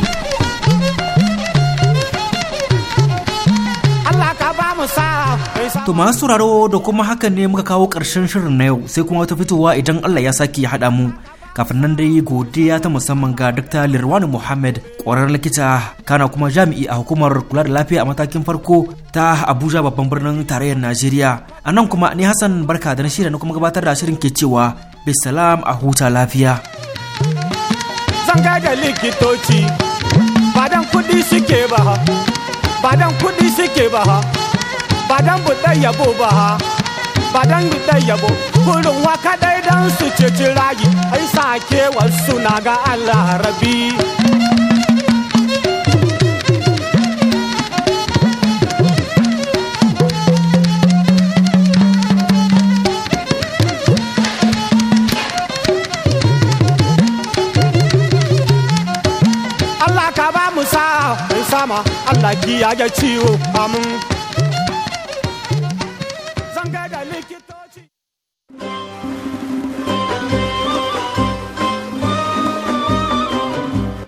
To masu sauraro da kuma hakan ne muka kawo ƙarshen shirin na yau sai kuma wata fitowa idan Allah ya sake ya haɗa mu kafin nan dai godiya ta musamman ga Dr. Lirwan Muhammad ƙwararren likita kana kuma jami'i a hukumar kula da lafiya a matakin farko ta Abuja babban birnin tarayyar Najeriya. A nan kuma ni Hassan Barka da na shirya na kuma gabatar da shirin ke cewa bisalam a huta lafiya. Zanga da likitoci badan kudi suke ba ha badan kudi suke ba ha badan buɗe yabo ba badan kurin waka dai don su ceci rayu ai sake wasu na ga Allah rabi Allah ka ba mu sa sama Allah kiyaye ciwo amin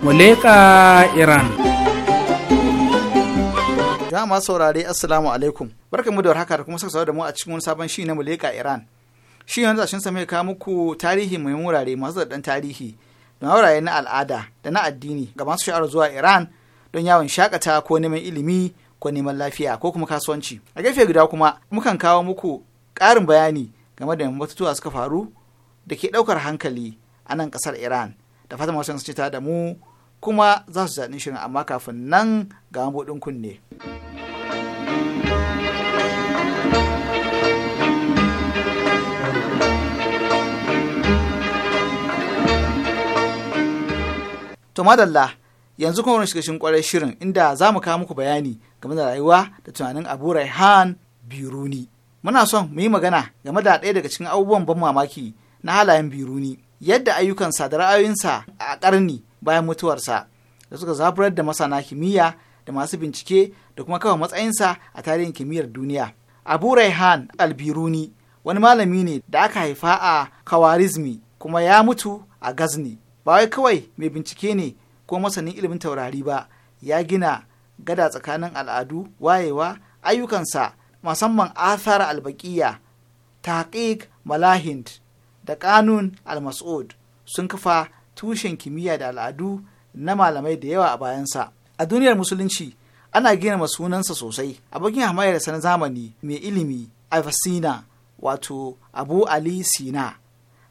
Muleka Iran. Jama'a saurare Assalamu alaikum. Barkanmu da warhaka da kuma saka da mu a cikin wani sabon shi na Muleka Iran. Shi yanzu a sa mai kawo muku tarihi mai murare masu daɗin tarihi da maurare na al'ada da na addini ga masu sha'ar zuwa Iran don yawon shakata ko neman ilimi ko neman lafiya ko kuma kasuwanci. A gefe guda kuma mukan kawo muku ƙarin bayani game da batutuwa suka faru da ke ɗaukar hankali a nan ƙasar Iran. Da fatan masu ta da mu kuma za su zaɗin shirin amma kafin nan ga mabuɗin kunne. To madalla yanzu kuma wani shigashin kwarai shirin inda za mu kawo muku bayani game da rayuwa da tunanin Abu Raihan Biruni. Muna son mu yi magana game da ɗaya daga cikin abubuwan ban mamaki na halayen Biruni, yadda ayyukansa da ra'ayoyinsa a ƙarni bayan mutuwarsa da suka zaburar da masana kimiyya da masu bincike da kuma kawai matsayinsa a tarihin kimiyyar duniya. Abu Raihan Albiruni wani malami ne da aka haifa a Kawarizmi kuma ya mutu a Gazni. Ba wai kawai mai bincike ne ko masanin ilimin taurari ba ya gina gada tsakanin al'adu wayewa ayyukansa musamman athar albaqiya tahqiq malahind da kanun al-mas'ud sun kafa tushen kimiyya da al'adu na malamai da yawa a bayansa a duniyar musulunci ana gina sunansa sosai a bakin hamayar sa na zamani mai ilimi avicina wato abu ali sina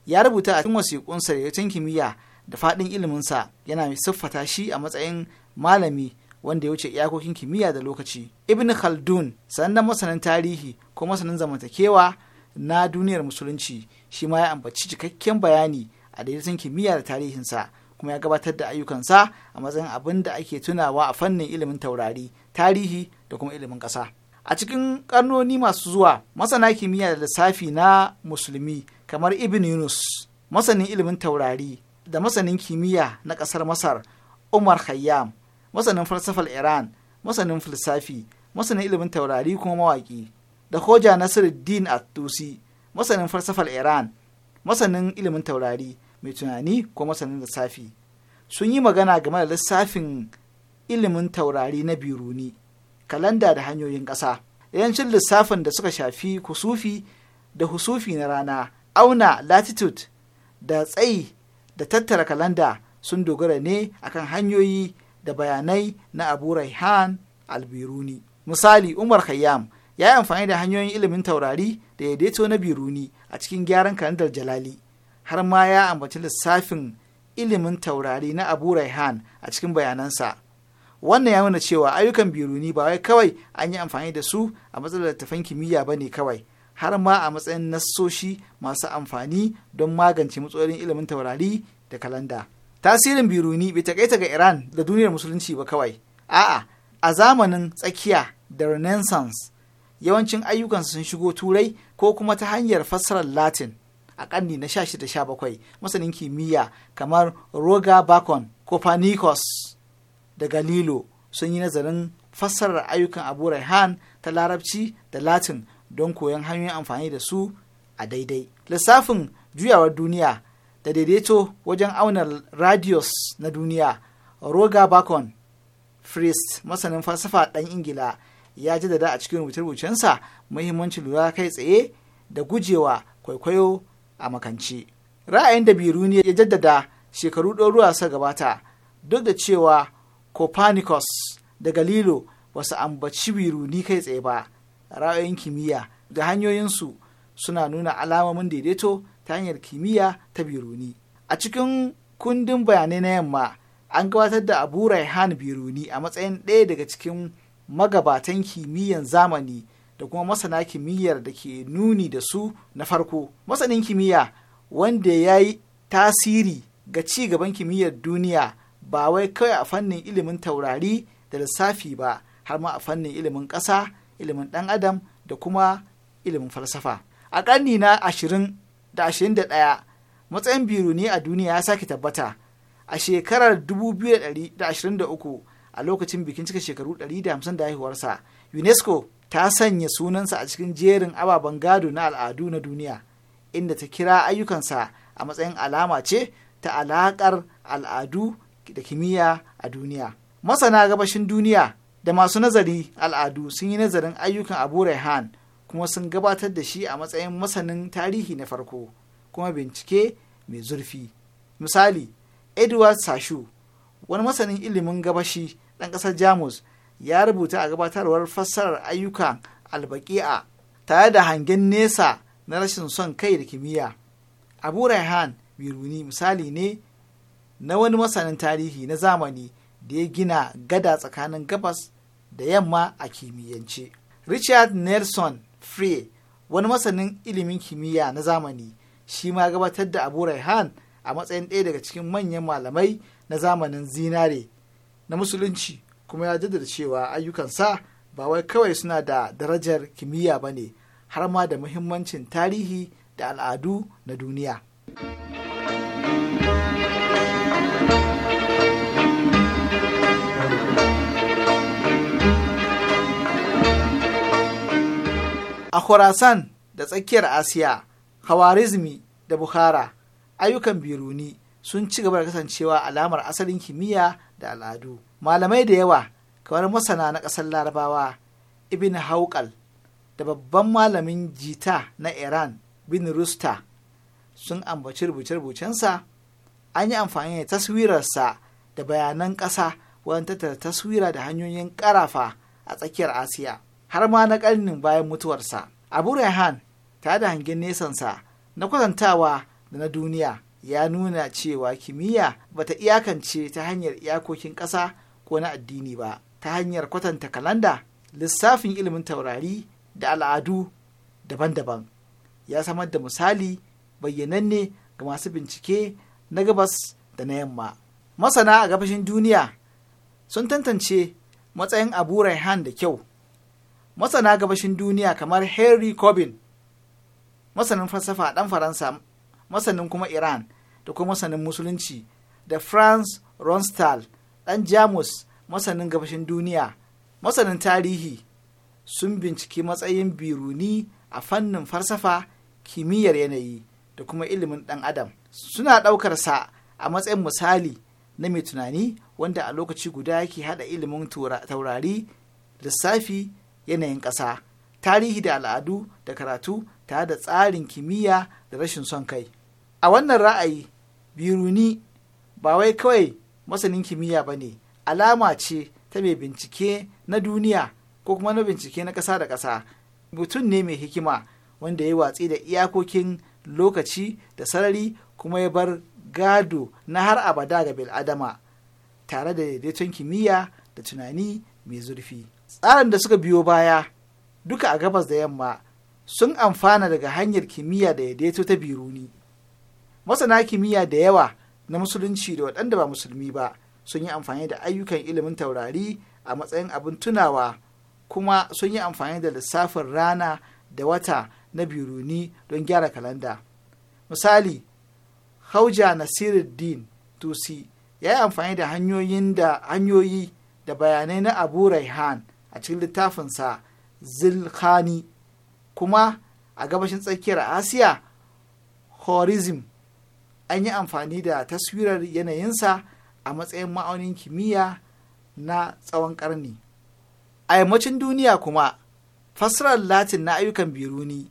ya rubuta a cikin wasiƙunsa da yacin kimiyya da faɗin iliminsa yana mai siffata shi a matsayin malami wanda ya wuce iyakokin kimiyya da lokaci ibn khaldun sanannen masanin tarihi ko masanin zamantakewa na duniyar musulunci shi ma ya ambaci cikakken bayani a daidaiton kimiyya da tarihinsa kuma ya gabatar da ayyukansa a matsayin abin da ake tunawa a fannin ilimin taurari tarihi da kuma ilimin ƙasa a cikin ƙarnoni masu zuwa masana kimiyya da lissafi na musulmi kamar ibn yunus masanin ilimin taurari da masanin kimiyya na ƙasar masar umar khayyam masanin falsafar iran masanin filsafi masanin ilimin taurari kuma mawaƙi da hoja nasiruddin at masanin falsafar iran masanin ilimin taurari mai tunani ko masanin lissafi sun yi magana game da lissafin ilimin taurari na biruni kalanda da hanyoyin ƙasa yancin lissafin da suka shafi kusufi da husufi na rana auna latitude da tsayi da tattara kalanda sun dogara ne akan hanyoyi da bayanai na abu raihan albiruni misali umar khayyam ya yi amfani da hanyoyin ilimin taurari da ya na biruni a cikin gyaran kalandar jalali har ma ya ambaci lissafin ilimin taurari na abu raihan a cikin bayanansa wannan ya nuna cewa ayyukan biruni ba wai kawai an yi amfani da su a matsalar littattafan kimiyya ba ne kawai har ma a matsayin nassoshi masu amfani don magance matsalolin ilimin taurari da kalanda tasirin biruni bai takaita ga iran da duniyar musulunci ba kawai a'a a zamanin tsakiya da renaissance yawancin ayyukansu sun shigo turai ko kuma ta hanyar fassarar latin a ƙarni na shida sha bakwai, masanin kimiyya kamar roger bacon copernicus da galilo sun yi nazarin fassarar ayyukan abu raihan ta larabci da latin don koyon hanyoyin amfani da su a daidai lissafin juyawar duniya da daidaito wajen aunar radius na duniya roger bacon priest masanin falsafa ɗan ingila ya jaddada a cikin rubuce-rubucensa muhimmancin lura kai tsaye da gujewa kwaikwayo a makanci. Ra'ayin da Biruni ya jaddada shekaru ɗoruwa sa gabata duk da cewa Copernicus da Galilo ba su ambaci Biruni kai tsaye ba. Ra'ayoyin kimiyya da hanyoyinsu suna nuna alamomin daidaito ta hanyar kimiyya ta Biruni. A cikin kundin bayanai na yamma an gabatar da Abu Raihan Biruni a matsayin ɗaya daga cikin magabatan kimiyyar zamani da kuma masana kimiyyar da ke nuni da su na farko masanin kimiyya wanda ya yi tasiri ga ci gaban kimiyyar duniya ba wai kawai a fannin ilimin taurari da lissafi ba har ma a fannin ilimin ƙasa ilimin ɗan adam da kuma ilimin falsafa a ƙarni na ashirin da ashirin da ɗaya matsayin biruni a duniya ya sake tabbata a shekarar dubu biyu da da ashirin uku. a lokacin bikin cika shekaru 150 da haihuwarsa unesco ta sanya sunansa a cikin jerin ababen gado na al'adu na duniya inda ta kira ayyukansa a matsayin alama ce ta alaƙar al'adu da kimiyya a duniya masana gabashin duniya da masu nazari al'adu sun yi nazarin ayyukan abu rehan kuma sun gabatar da shi a matsayin masanin tarihi na farko kuma bincike mai zurfi misali edward sashu wani masanin ilimin gabashi ɗan ƙasar jamus ya rubuta a gabatarwar fassarar ayyukan albaki'a tare da hangen nesa na rashin son kai da kimiyya abu raihan biruni misali ne na wani masanin tarihi na zamani da ya gina gada tsakanin gabas da yamma a kimiyyance richard nelson frey wani masanin ilimin kimiyya na zamani shi ma gabatar da abu raihan a matsayin ɗaya daga cikin manyan malamai na zamanin zinare na musulunci kuma ya jaddada cewa ayyukansa ba wai kawai suna da darajar kimiyya ba ne har ma da muhimmancin tarihi da al'adu na duniya. A Khorasan da tsakiyar Asiya, Khawarizmi da Bukhara, ayyukan Biruni sun ci gaba da kasancewa alamar asalin kimiyya da al'adu malamai da yawa kamar masana na ƙasar larabawa ibn haukal da babban malamin jita na iran bin rusta sun ambaci rubuce-rubucensa an yi amfani da taswirarsa da bayanan ƙasa wajen tattara taswira da hanyoyin ƙarafa a tsakiyar asiya har ma na ƙarnin bayan mutuwarsa abu rehan ta da hangen nesansa na kwatantawa da na duniya ya nuna cewa kimiyya bata iyakance ta hanyar iyakokin ƙasa ko na addini ba ta hanyar kwatanta kalanda lissafin ilimin taurari da al'adu daban-daban ya samar da misali bayyananne ga masu bincike na gabas da na yamma masana a gabashin duniya sun tantance matsayin abu raihan da kyau masana gabashin duniya kamar henry corbin masanin falsafa ɗan faransa masanin kuma iran da kuma masanin musulunci da franz ronstal ɗan jamus masanin gabashin duniya masanin tarihi sun binciki matsayin biruni a fannin farsafa kimiyyar yanayi da kuma ilimin ɗan adam suna ɗaukar sa a matsayin misali na mai tunani wanda a lokaci guda yake haɗa ilimin taurari lissafi yanayin ƙasa tarihi da al'adu da karatu tare da tsarin kimiyya da rashin son kai a wannan ra'ayi biruni ba wai kawai masanin kimiyya ba ne alama ce ta mai bincike na duniya ko kuma na bincike na ƙasa da ƙasa mutum ne mai hikima wanda ya watsi da iyakokin lokaci da sarari kuma ya bar gado na har abada ga bil'adama tare da daidaiton kimiyya da tunani mai zurfi tsarin da suka biyo baya duka a gabas da yamma sun amfana daga hanyar kimiyya da daidaito ta biruni masana kimiyya da yawa na musulunci da waɗanda ba musulmi ba sun yi amfani da ayyukan ilimin taurari a matsayin abin tunawa kuma sun yi amfani da lissafin rana da wata na biruni don gyara kalanda misali hauja nasiruddin tusi ya yi amfani da hanyoyin da hanyoyi da bayanai na abu raihan a cikin littafinsa zilkhani kuma a gabashin tsakiyar asiya horizm an yi amfani da taswirar yanayinsa a matsayin ma'aunin kimiyya na tsawon ƙarni. A yammacin duniya kuma, fassarar Latin na ayyukan biruni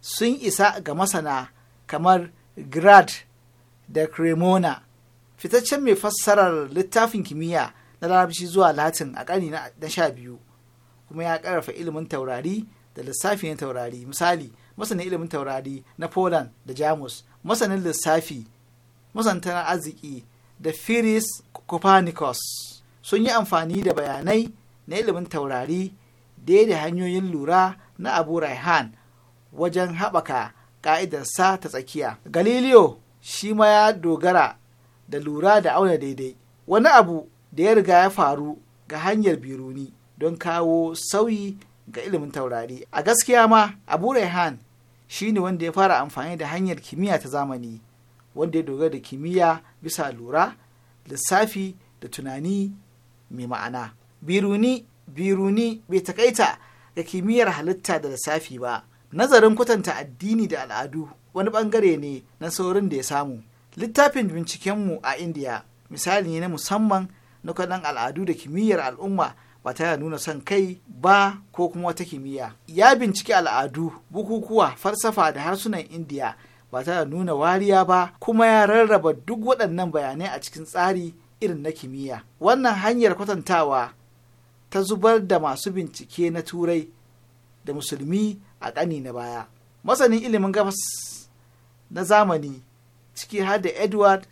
sun isa ga masana kamar Grad da Cremona, fitaccen mai fassarar littafin kimiyya na larabci zuwa Latin a ƙarni na sha biyu, kuma ya ƙarfafa ilimin taurari da lissafin taurari. Misali, masanin ilimin taurari na poland da jamus masanin lissafi masantar arziki da firis copernicus sun yi amfani da bayanai na ilimin taurari da hanyoyin lura na abu raihan wajen haɓaka ƙa'idarsa ta tsakiya galileo shi ma ya dogara da lura da auna daidai wani abu da ya riga ya faru ga hanyar biruni don kawo sauyi ga ilimin taurari a gaskiya ma abu raihan Shi ne wanda ya fara amfani da hanyar kimiyya ta zamani wanda ya dogara da kimiyya bisa lura lissafi da tunani mai ma'ana biruni biruni bai takaita ga kimiyyar halitta da lissafi ba nazarin kwatanta addini da al'adu wani bangare ne na saurin da ya samu littafin bincikenmu a indiya misali ne na musamman na kwanan al'adu da kimiyyar al'umma ba ta nuna son kai ba ko kuma wata kimiyya ya binciki al'adu bukukuwa farsafa da harsunan indiya ba ta nuna wariya ba kuma ya rarraba duk waɗannan bayanai a cikin tsari irin na kimiyya wannan hanyar kwatantawa ta zubar da masu bincike na turai da musulmi a ƙani na baya masanin ilimin gabas na zamani ciki har da edward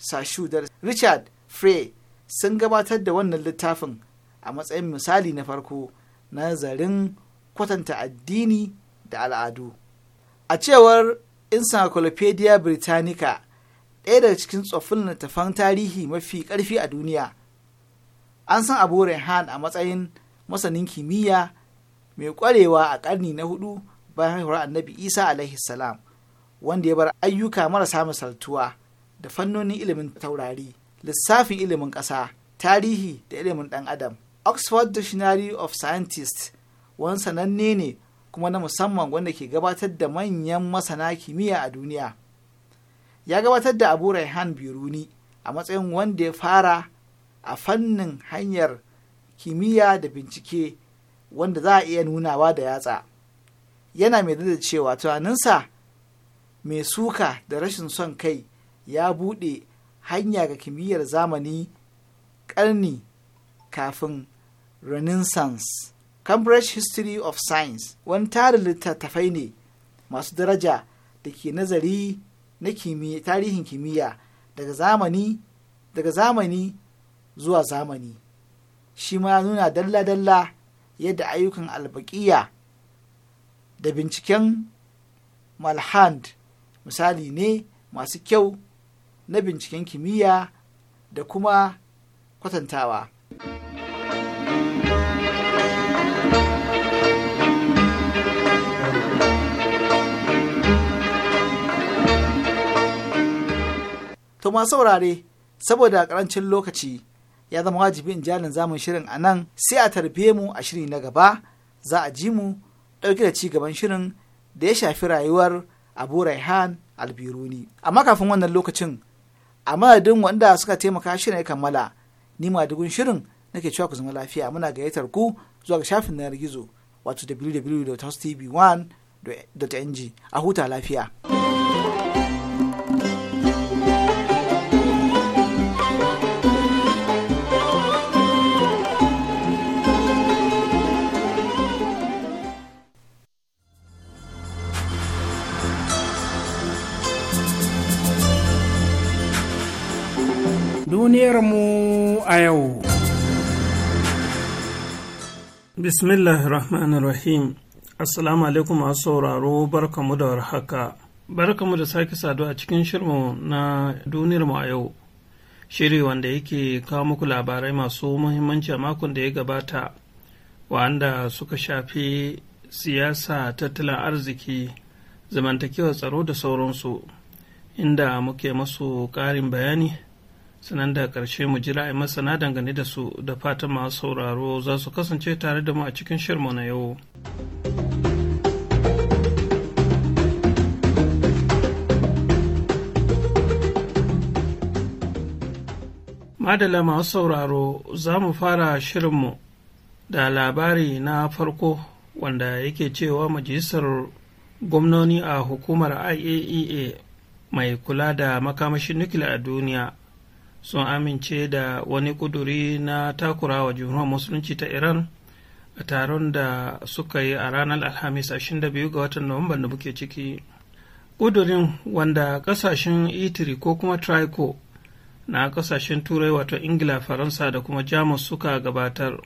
da richard frey sun gabatar da wannan littafin a matsayin misali na farko na zarin kwatanta addini da al'adu a cewar encyclopedia britannica ɗaya daga cikin tsoffin littattafan tarihi mafi ƙarfi a duniya an san abu Han a matsayin masanin kimiyya mai ƙwarewa a ƙarni na hudu bayan haihuwar annabi isa alaihi salam wanda ya bar ayyuka marasa misaltuwa da fannonin ilimin taurari lissafin ilimin ƙasa tarihi da ilimin ɗan adam oxford dictionary of scientists wani sananne ne kuma na musamman wanda ke gabatar da manyan masana kimiyya a duniya ya gabatar da abu raihan biruni a matsayin wanda ya fara a fannin hanyar kimiyya da bincike wanda za a iya nunawa da yatsa yana mai da cewa tunaninsa mai suka da rashin son kai ya buɗe hanya ga kimiyyar zamani ƙarni kafin renaissance cambridge history of science wani tarin littattafai ne masu daraja da ke nazari na tarihin kimiyya daga zamani daga zamani zuwa zamani shi ma nuna dalla-dalla yadda ayyukan albaƙiya da binciken malhand misali ne masu kyau na binciken kimiyya da kuma kwatantawa. To ma saurare, saboda karancin lokaci ya zama wajibi in jalin zamun shirin a nan sai a tarbiye mu a shiri na gaba za a ji mu ɗauki da ci gaban shirin da ya shafi rayuwar Abu Raihan Albiruni. Amma kafin wannan lokacin, a madadin wanda suka taimaka shirin ya kammala, ni madugun shirin nake cewa ku zama lafiya muna gayyatar ku zuwa ga shafin yanar gizo wato www.tv1.ng a huta lafiya. duniyarmu a yau. Bismillahir Rahmanir Assalamu alaikum masu sauraro barkamu da warhaka. Barkamu da sake saduwa a cikin shirmu na duniyarmu a yau. Shiri wanda yake kawo muku labarai masu muhimmanci a makon da ya gabata, wanda suka shafi siyasa, tattalin arziki, zamantakewar tsaro da sauransu, inda muke masu ƙarin bayani sanan da ƙarshe mu jira a masana dangane da su da fatan masu sauraro za su kasance tare da mu a cikin shirmu na yau. Madala masu sauraro za mu fara shirinmu da labari na farko wanda yake cewa majalisar gwamnoni a hukumar IAEA e mai kula da makamashin nukiliya a duniya sun amince da wani kuduri na takurawa jumhuriyar musulunci ta iran a taron da suka yi a ranar alhamis 22 ga watan nuwamban da muke ciki kudurin wanda kasashen itiri ko kuma trico na kasashen turai wato ingila faransa da kuma jamus suka gabatar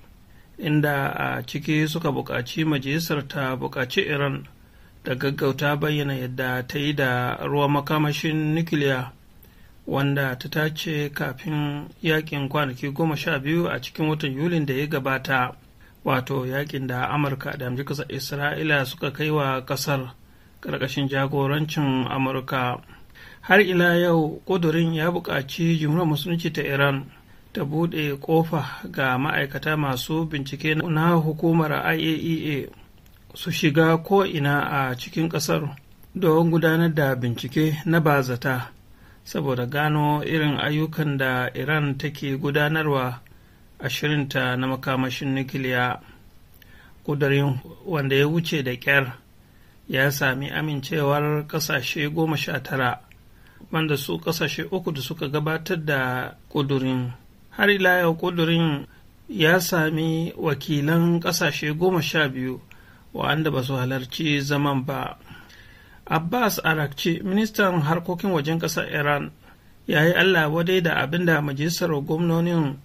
inda a ciki suka buƙaci majalisar ta buƙaci iran da gaggauta bayyana yadda ta yi da ruwan makamashin nukiliya wanda ta tace kafin yakin kwanaki goma sha biyu a cikin watan yulin da ya gabata wato yakin da amurka da amurka isra'ila suka kai wa kasar ƙarƙashin jagorancin amurka har ila yau ƙudurin ya buƙaci jimhuriyar musulunci ta iran ta buɗe ƙofa ga ma'aikata masu bincike na hukumar iaea e su shiga ko ina a cikin ƙasar don gudanar da bincike na bazata saboda gano irin ayyukan da iran take gudanarwa a shirinta na makamashin nukiliya ƙudurin wanda ya wuce da ƙyar ya sami amincewar ƙasashe goma sha tara wanda su ƙasashe uku da suka gabatar da ƙudurin har ila yau ƙudurin ya sami wakilan ƙasashe goma sha biyu wa'anda ba su halarci zaman ba Abbas Arakci, ministan harkokin wajen ƙasar Iran, ya yi Allah wadai da abin da majalisar gwamnonin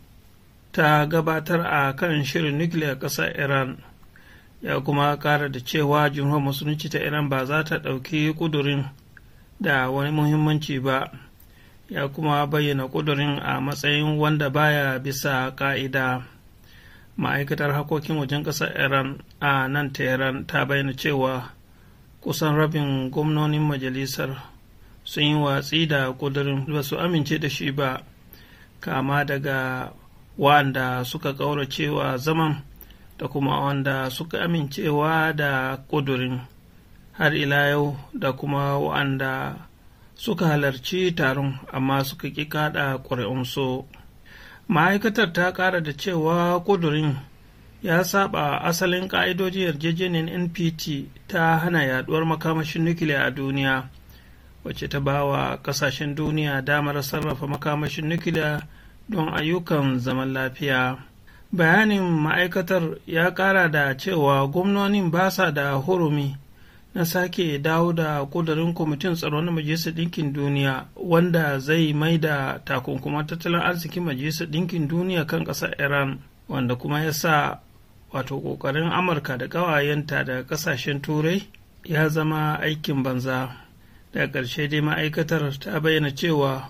ta gabatar a kan shirin nukiliyar ƙasar Iran. Ya kuma ƙara da cewa jihar musulunci ta Iran ba za ta ɗauki ƙudurin da wani muhimmanci ba. Ya kuma bayyana ƙudurin a matsayin wanda baya bisa ƙa'ida. Ma'aikatar harkokin wajen ƙasar Iran a nan Tehran ta bayyana cewa. kusan rabin gwamnonin majalisar sun yi watsi da kudurin ba su amince da shi ba kama daga wanda suka ƙauracewa zaman da kuma wanda suka amincewa da kudurin har ila yau da kuma wa'anda suka halarci taron amma suka ƙi kaɗa ƙuri'unsu ma'aikatar ta ƙara da cewa ƙudurin ya saba asalin ƙa'idojin yarjejeniyar npt ta hana yaduwar makamashin nukiliya a duniya wacce ta ba wa ƙasashen duniya damar sarrafa makamashin nukiliya don ayyukan zaman lafiya bayanin ma'aikatar ya ƙara da cewa gwamnonin ba sa da hurumi na sake dawo da kudurin kwamitin tsaro na majalisar ɗinkin duniya wanda zai mai da takunkuman tattalin arzikin majalisar ɗinkin duniya kan ƙasar iran wanda kuma ya sa wato ƙoƙarin amurka da ƙawayenta daga ƙasashen turai ya zama aikin banza daga ƙarshe dai ma'aikatar ta bayyana cewa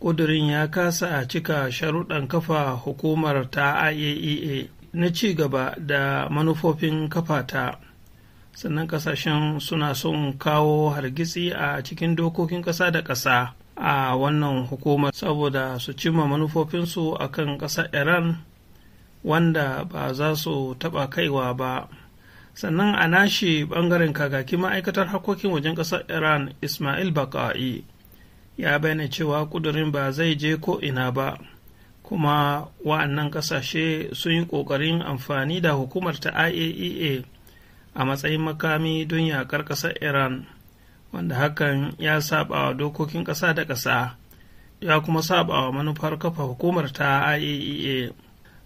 ƙudurin ya kasa a cika sharuɗan kafa hukumar ta iaea e na ci gaba da manufofin kafa ta sannan ƙasashen suna son kawo hargitsi a cikin dokokin ƙasa da ƙasa a wannan hukumar saboda su cimma manufofinsu kan ƙasa iran wanda ba za su taɓa kaiwa ba sannan a nashi ɓangaren kakaki ma'aikatar harkokin wajen ƙasar iran ismail baka'i ya bayyana cewa ƙudurin ba zai je ko ina ba kuma wa'annan ƙasashe sun yi ƙoƙarin amfani da hukumar ta iaea e a matsayin makami don yaƙar ƙasar iran wanda hakan ya saba wa dokokin ƙasa da ƙasa ya kuma saba wa manufar kafa hukumar ta iaea e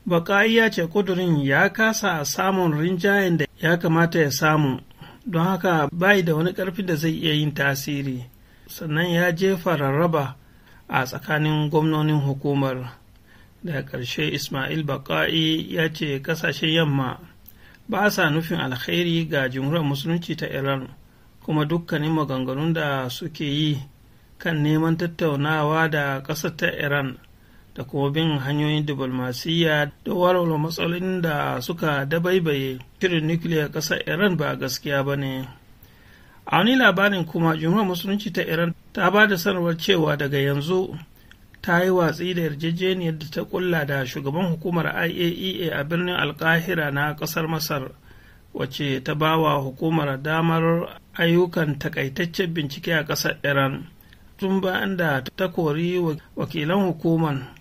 Baƙa'i ya ce ƙudurin ya kasa samun rinjayen da ya kamata ya samu, don haka bai da wani ƙarfi da zai iya yin tasiri, sannan ya jefa rarraba a tsakanin gwamnonin hukumar. Daga ƙarshe Ismail baka'i ya ce ƙasashen yamma ba sa nufin alkhairi ga jimhuriyar musulunci ta Iran, kuma dukkanin maganganun da suke yi kan neman tattaunawa da ƙasar ta Iran. da kuma bin hanyoyin diplomasiyya da warware matsalolin da suka dabaibaye shirin nukiliyar ƙasar iran ba gaskiya ba ne a wani labarin kuma jumhuriyar musulunci ta iran ta ba da sanarwar cewa daga yanzu ta yi watsi da yarjejeniyar da ta kulla da shugaban hukumar iaea e a birnin alkahira na ƙasar masar wacce ta ba wa hukumar damar ayyukan takaitaccen bincike a ƙasar iran tun bayan da ta kori wakilan hukumar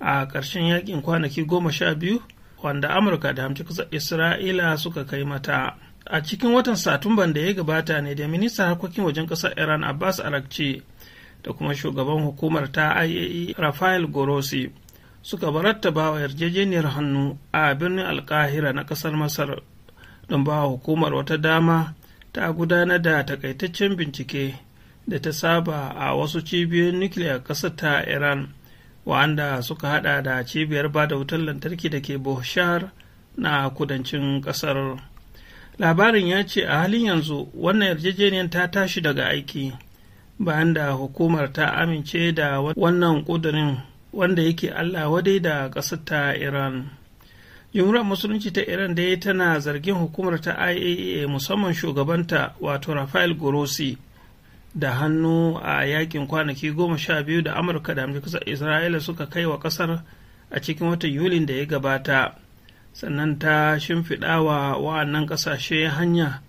a ƙarshen yakin kwanaki goma sha biyu wanda amurka da hamci kusa isra'ila suka kai mata a cikin watan satumban da ya gabata ne da ministan harkokin wajen ƙasar iran abbas arakci da kuma shugaban hukumar ta iae rafael gorosi suka ba wa yarjejeniyar hannu a birnin alkahira na ƙasar masar don ba hukumar wata dama ta gudanar da takaitaccen bincike da ta saba a wasu cibiyoyin nukiliyar ƙasar ta iran wa'anda suka hada da cibiyar ba da wutar lantarki da ke bohshar na kudancin kasar labarin ya ce a halin yanzu wannan yarjejeniyar ta tashi daga aiki bayan da hukumar ta amince da wannan kudurin wanda yake allah wadai da ƙasar ta iran jumhuriyar musulunci ta iran dai tana zargin hukumar ta iaea e, musamman shugabanta wato rafael grossi da hannu a yakin kwanaki goma sha biyu da amurka da amurka isra'ila suka kai wa kasar a cikin watan yulin da ya gabata sannan ta shimfiɗa wa wa'annan ƙasashe hanya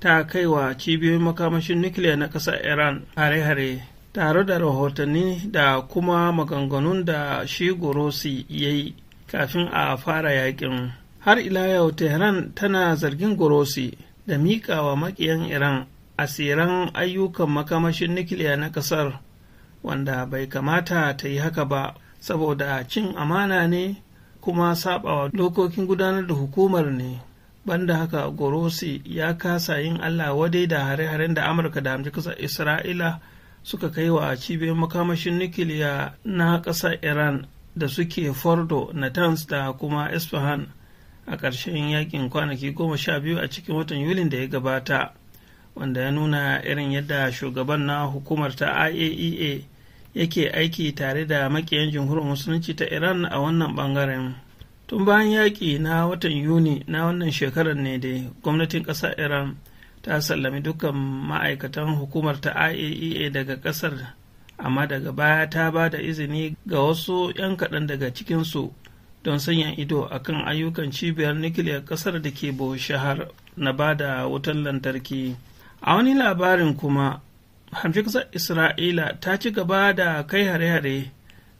ta kai wa cibiyoyin makamashin nukiliya na ƙasar iran hare-hare tare da rahotanni da kuma maganganun da shi gorosi ya yi kafin a fara yakin har ila yau tehran tana zargin gorosi da miƙawa wa maƙiyan iran asiran ayyukan makamashin nukiliya na ƙasar wanda bai kamata ta yi haka ba saboda cin amana ne kuma sabawa dokokin gudanar da hukumar ne banda haka gorosi ya kasa yin allah wadai da hare-haren da amurka da amurka isra'ila suka kai wa cibiyar makamashin nukiliya na ƙasar iran da suke fordo Tans da kuma isfahan a ƙarshen yakin kwanaki goma sha biyu a cikin watan yulin da ya gabata wanda ya nuna irin yadda shugaban na hukumar ta iaea e yake aiki tare da makiyan jamhuriyar musulunci ta iran a wannan bangaren tun bayan yaƙi na watan yuni na wannan shekarar ne dai gwamnatin ƙasar iran ta sallami dukkan ma'aikatan hukumar ta iaea e daga ƙasar amma daga baya ta ba da izini ga wasu 'yan kaɗan daga cikinsu don sanya ido a kan ayyukan cibiyar nukiliyar ƙasar da ke shahar na ba da wutan lantarki a wani labarin kuma hamshiksar isra'ila ta ci gaba da kai hare-hare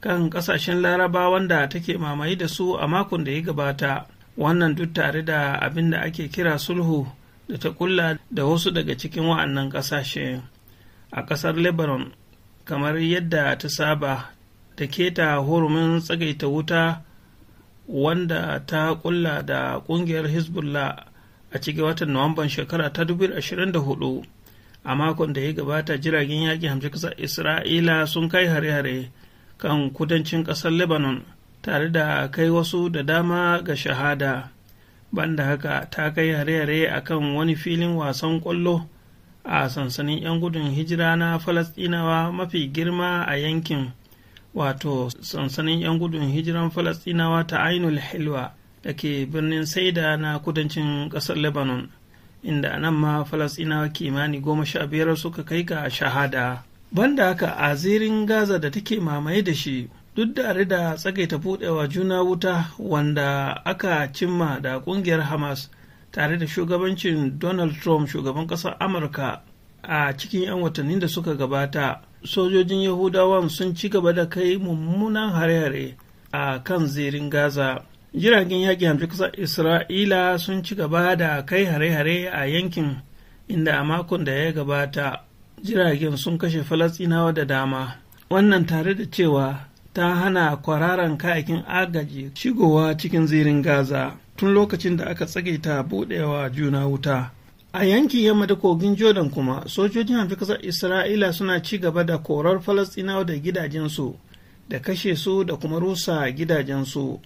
kan ƙasashen laraba wanda take mamaye da su a makon da ya gabata wannan duk tare da abin da ake kira sulhu da ta kulla da wasu daga cikin wa'annan ƙasashe, a ƙasar lebanon kamar yadda ta saba da keta hurumin tsagaita wuta wanda ta kulla da ƙungiyar hezbollah a cikin watan nuwamban shekara ta 2024 a makon da ya gabata jiragen yaƙi hamsin ƙasar isra'ila sun kai hare-hare kan kudancin ƙasar lebanon tare da kai wasu da dama ga shahada banda haka ta kai hare-hare a kan wani filin wasan ƙwallo a sansanin 'yan gudun hijira na falasɗinawa mafi girma a yankin wato sansanin 'yan gudun hijiran falasɗinawa ta ainul hilwa da ke birnin saida na kudancin ƙasar lebanon inda a nan ma falasɗinawa kimani goma sha biyar suka kai ga shahada banda haka a zirin gaza da take mamaye da shi duk da da tsagaita buɗewa juna wuta wanda aka cimma da ƙungiyar hamas tare da shugabancin donald trump shugaban ƙasar amurka a cikin 'yan watannin da suka gabata sojojin yahudawan sun ci gaba da kai mummunan hare-hare a kan zirin gaza jiragen yaƙi hamsin kusa isra'ila sun ci gaba da kai hare-hare a yankin inda a makon da ya gabata jiragen sun kashe falastinawa da dama wannan tare da cewa ta hana kwararan kayakin agaji shigowa cikin zirin gaza tun lokacin da aka tsage ta budewa juna wuta a yankin yamma da kogin jordan kuma sojojin hamfi kasar isra'ila suna ci gaba da korar falastinawa da gidajensu da kashe su da kuma rusa gidajensu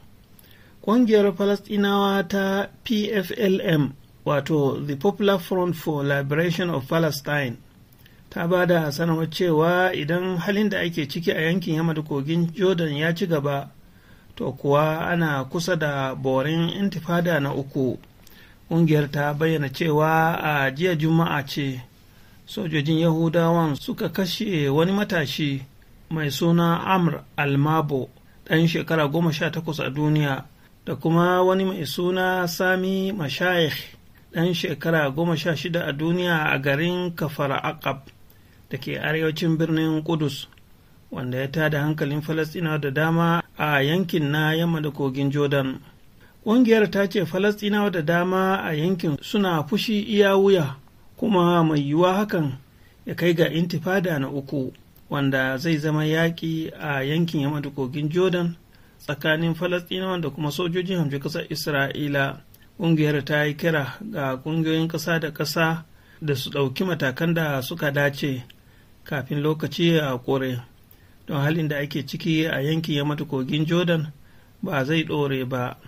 ƙungiyar falastinawa ta pflm wato the popular front for liberation of palestine ta ba da sanarwar cewa idan halin da ake ciki a yankin yamma da kogin jordan ya ci gaba to kuwa ana kusa da borin intifada na uku ƙungiyar ta bayyana cewa a jiya juma'a ce sojojin yahudawan suka kashe wani matashi mai suna amr almabo ɗan shekara goma sha takwas a duniya da kuma wani mai suna sami mashayikh ɗan shekara goma sha shida a duniya a garin kafar aqab da ke arewacin birnin kudus wanda ya tada hankalin falastina da dama a yankin na yamma da kogin jordan ƙungiyar ta ce falastinawa da dama a yankin suna fushi iya wuya kuma mai yiwuwa hakan ya kai ga intifada na uku wanda zai zama yaƙi a yankin yamma da kogin jordan tsakanin Falasɗinawa da kuma sojojin hamshe Kasar isra'ila ƙungiyar ta yi kira ga ƙungiyoyin ƙasa da ƙasa da su ɗauki matakan da suka dace kafin lokaci a kore don halin da ake ciki a yankin yamata kogin jordan ba zai ɗore ba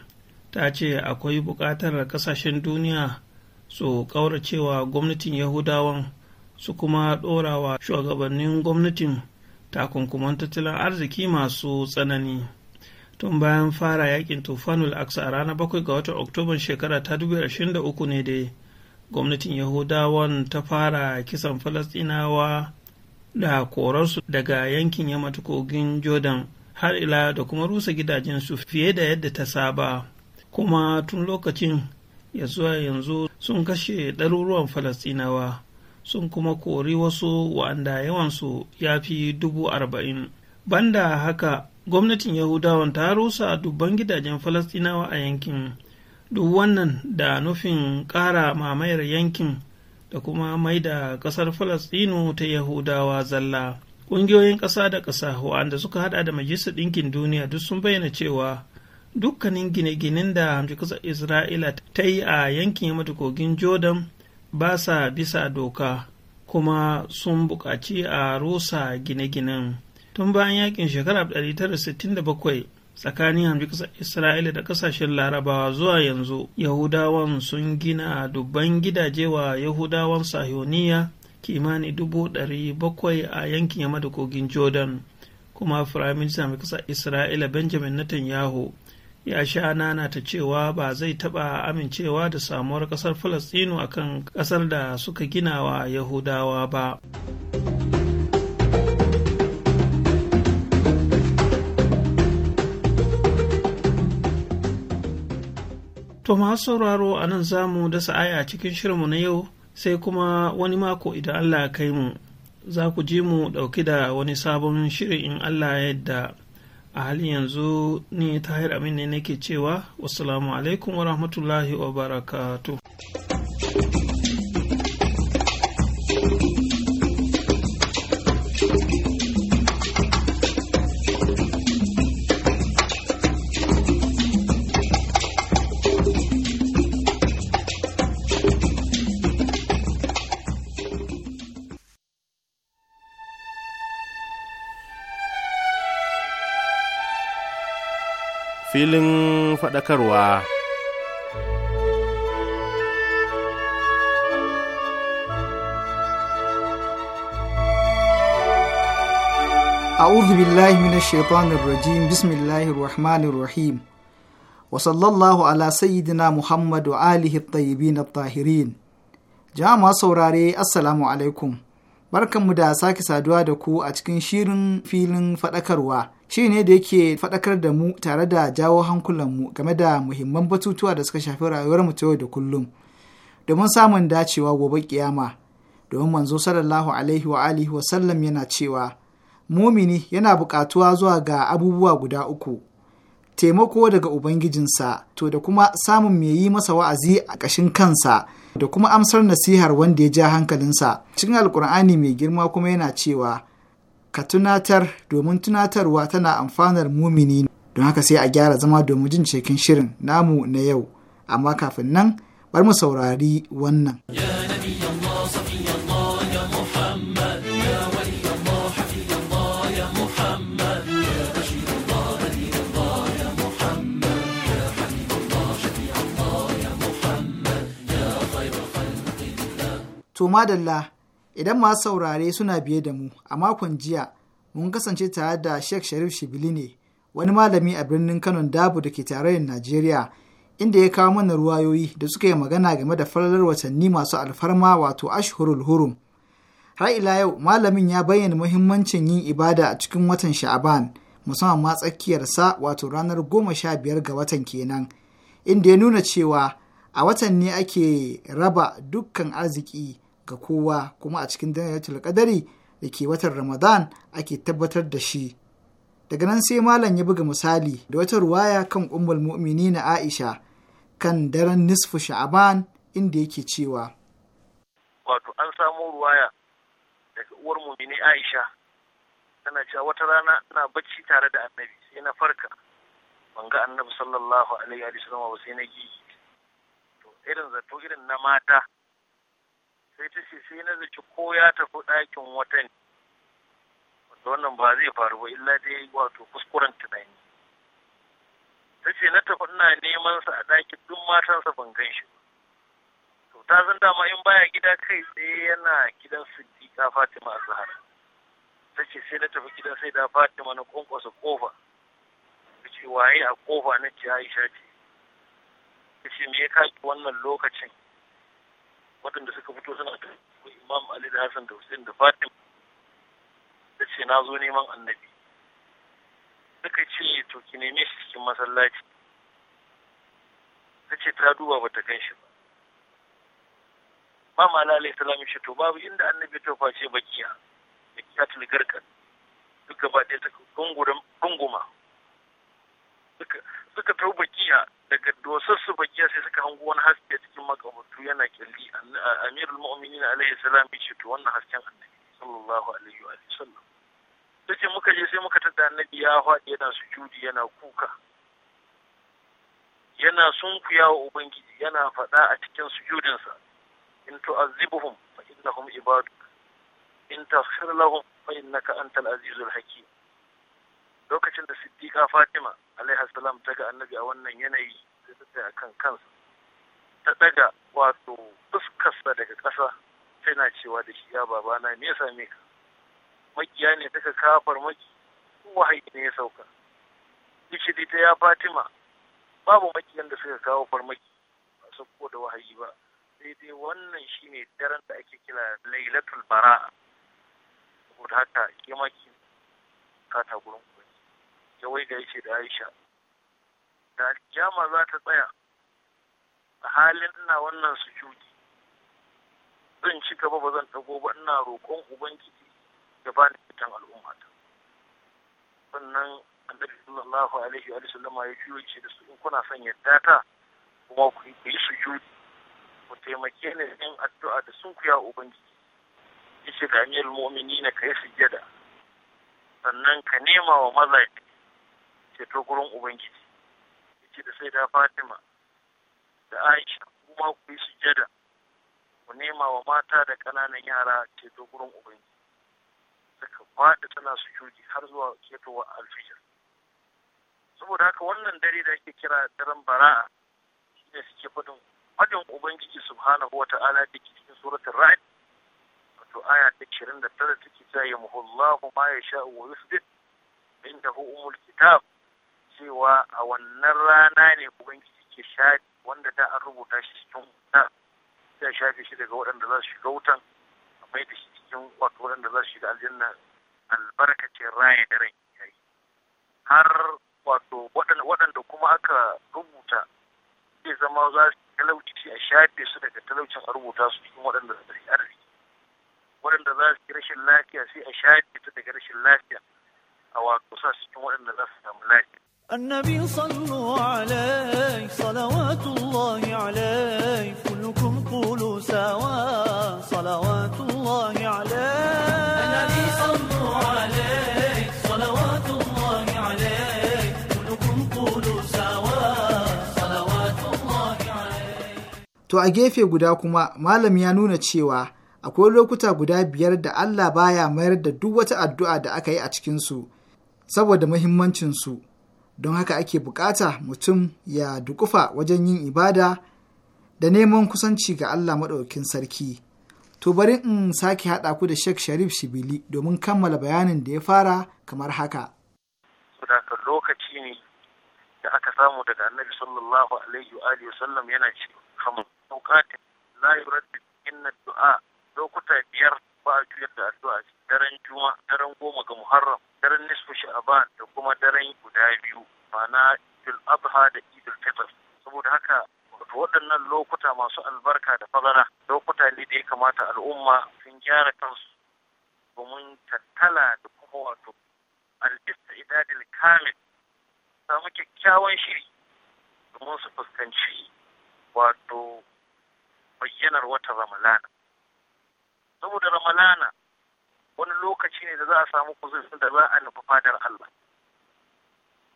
ta ce akwai buƙatar ƙasashen duniya su ƙauracewa gwamnatin yahudawan su kuma ɗorawa shugabannin gwamnatin takunkuman tattalin arziki masu tsanani tun bayan fara yakin tufanul aksa a ranar bakwai ga watan oktoban shekara ta 2023 ne dai gwamnatin yahudawan ta fara kisan falastinawa da korarsu daga yankin yamata kogin jordan har ila da kuma rusa gidajen su fiye da yadda ta saba kuma tun lokacin ya zuwa yanzu sun kashe ɗaruruwan falastinawa sun kuma kori wasu wa'anda yawansu ya fi dubu arba'in banda haka gwamnatin Yahudawa ta rusa dubban gidajen falastinawa a yankin duk wannan da nufin ƙara mamayar yankin da kuma mai da ƙasar falastinu ta yahudawa zalla ƙungiyoyin ƙasa da ƙasa wa'anda suka hada da majalisar ɗinkin duniya duk sun bayyana cewa dukkanin gine-ginen da hamshikasar isra'ila ta yi a yankin yamata kogin jordan ba sa bisa doka kuma sun buƙaci a rusa gine-ginen tun bayan yakin shekarar 1967 tsakanin hamjikasar isra'ila da kasashen larabawa zuwa yanzu yahudawan sun gina dubban gidaje wa yahudawan sahioniya kimani dubu ɗari bakwai a yankin yamma da kogin jordan kuma firaminista mai kasar isra'ila benjamin netanyahu ya sha nana ta cewa ba zai taɓa amincewa da samuwar ƙasar falastinu akan kasar da suka gina wa yahudawa ba. To masu sauraro a nan za mu dasa aya cikin shirinmu na yau sai kuma wani mako idan Allah ya kai mu za ku ji mu ɗauki da wani sabon shirin in Allah yadda a halin yanzu ni tahir amin ne nake cewa wasu alaikum wa rahmatullahi wa barakatuh. filin faɗakarwa. A uzu billahi mina shekwanar rajim bismillahi rahmanin rahim wa sallallahu ala sayyidina muhammadu alihi tayyibi na tahirin. Jama'a saurare assalamu alaikum. Barkanmu da sake saduwa da ku a cikin shirin filin faɗakarwa shi ne da yake faɗakar da mu tare da jawo hankulanmu game da muhimman batutuwa da suka shafi rayuwarmu ta yau da kullum domin samun dacewa gobe kiyama domin manzo sallallahu alaihi wa alihi wa sallam yana cewa mumini yana buƙatuwa zuwa ga abubuwa guda uku taimako daga ubangijinsa to da kuma samun mai yi masa wa'azi a ƙashin kansa da kuma amsar nasihar wanda ya ja hankalinsa cikin alkur'ani mai girma kuma yana cewa ka tunatar domin tunatarwa tana amfanar mumini don haka sai a gyara zama domin jin cikin shirin namu na yau amma kafin nan bar mu saurari wannan. To madalla idan masu saurare suna biye da mu a makon jiya mun kasance tare da sheikh sharif shibili ne wani malami a birnin kano dabu da ke tarayyar najeriya inda ya kawo mana ruwayoyi da suka yi magana game da falalar watanni masu alfarma wato ashhurul hurum har ila yau malamin ya bayyana muhimmancin yin ibada a cikin watan sha'aban musamman ma tsakiyarsa wato ranar goma sha biyar ga watan kenan inda ya nuna cewa a watan ne ake raba dukkan arziki ga kowa kuma a cikin dalatul kadari da ke watan Ramadan ake tabbatar da shi. Daga nan sai malam ya buga misali da wata ruwaya kan ummul na Aisha kan daren nisfu Sha'aban inda yake cewa wato an samu ruwaya daga uwar mu'mini Aisha tana cewa wata rana na bacci tare da Annabi sai na farka ban ga Annabi sallallahu alaihi wa sallam ba sai na gi to irin zato irin na mata sai ta ce sai na zaci ko ya tafi ɗakin wata ne wanda wannan ba zai faru ba illa dai wato kuskuren tunani ta ce na tafi ina neman sa a ɗakin duk matansa ban gan shi to ta san dama in baya gida kai tsaye yana gidan siddiƙa fatima a zahara ta ce sai na tafi gidan sai da fatima na kwankwasa kofa ta ce waye a kofa na ce aisha ce ta ce me ya kaki wannan lokacin waɗanda suka fito suna ta imam ali da hassan da hussein da fatim da ce na zo neman annabi suka ce to ki neme shi cikin masallaci ta ce ta duba ba ta gan shi ba ma lalai salamu shi to babu inda annabi ta face bakiya bakiya tilgarkar duka ba ɗaya suka gunguma suka tau bakiya daga dosar su bakiya sai suka hango wani haske cikin makabartu yana kyalli amirul mu'minin alaihi salam ya ce to wannan hasken annabi sallallahu alaihi wa sallam take muka je sai muka tada annabi ya faɗi yana sujudi yana kuka yana sunkuya wa ubangiji yana faɗa a cikin sujudinsa in tu'azzibuhum fa innahum ibaduk in taghfir lahum fa innaka antal azizul hakim lokacin da siddiqa fatima alaihi salam ta ga annabi a wannan yanayi sai ta tsaya kan kansa ta daga wato fuskarsa daga ƙasa tana cewa da shi ya babana me ya same ka makiya ne suka kafar maki wahayi ne ya sauka yace ta ya fatima babu makiyan da suka kawo farmaki ba sauko da wahayi ba sai dai wannan shine daren da ake kira lailatul bara'a saboda haka ke maki kata gurin ya da yake da aisha da kyama za ta tsaya a halin ina wannan su sujudi zan ci gaba ba zan dago ba ina roƙon ubangiji ya ba ni fitan al'umma ta sannan annabi sallallahu alaihi wa sallama ya juyo ce da su in kuna son yadda ta kuma ku yi su sujudi ku taimake ni in addu'a da sun kuya ubangiji yace ga amiyar mu'mini na kai sujjada sannan ka nema wa mazaki ceto gurin ubangiji yake da sai da fatima da aisha kuma ku yi sujada ku nema wa mata da ƙananan yara ceto gurin ubangiji suka faɗi tana sujudi har zuwa wa Alfijar. saboda haka wannan dare da ake kira daren bara'a shine suke faɗin faɗin ubangiji subhanahu wa ta'ala da ke cikin suratun ra'd wato aya ta 29 take ta muhullahu ma ya sha'u wa yusbit hu, umul kitab cewa a wannan rana ne ubangiji ke shafi wanda da an rubuta shi cikin wuta zai shafe shi daga waɗanda za su shiga wutan a mai da shi cikin wato waɗanda za su shiga aljanna albarkacin raya da rai har wato waɗanda kuma aka rubuta zai zama za su talauci a shafe su daga talaucin a rubuta su cikin waɗanda za su arziki waɗanda za su yi rashin lafiya sai a shafe su daga rashin lafiya a wato sa cikin waɗanda za su samu lafiya النبي صلوا علي صلوات الله علي كلكم قولوا سوا صلوات الله علي النبي صلوا عليه صلوات الله عليه كلكم قولوا سوا صلوات الله عليه to a gefe guda kuma malam ya nuna cewa akwai lokuta guda biyar da Allah baya mayar da duk wata addu'a da aka yi a cikinsu saboda muhimmancinsu don haka ake bukata mutum ya dukufa wajen yin ibada da neman kusanci ga Allah maɗaukin sarki. To bari in sake haɗa ku da Sheikh Sharif Shibili domin kammala bayanin da ya fara kamar haka. Saboda lokaci ne da aka samu daga annabi sallallahu alaihi wa alihi sallam yana ce kamar la yuraddu inna du'a lokuta biyar ba a juyar da addu'a daren juma daren goma ga muharram daren nisfu sha'ban da kuma daren guda biyu ma'ana idul Abha da idul fitr saboda haka wato waɗannan lokuta masu albarka da fadara lokuta ne da ya kamata al'umma sun gyara kansu domin tattala da kuma wato alista idadil kamil samu kyakkyawan shiri domin su fuskanci wato bayyanar wata ramalana saboda ramalana wani lokaci ne da za a samu kuzurin da za a nufi fadar Allah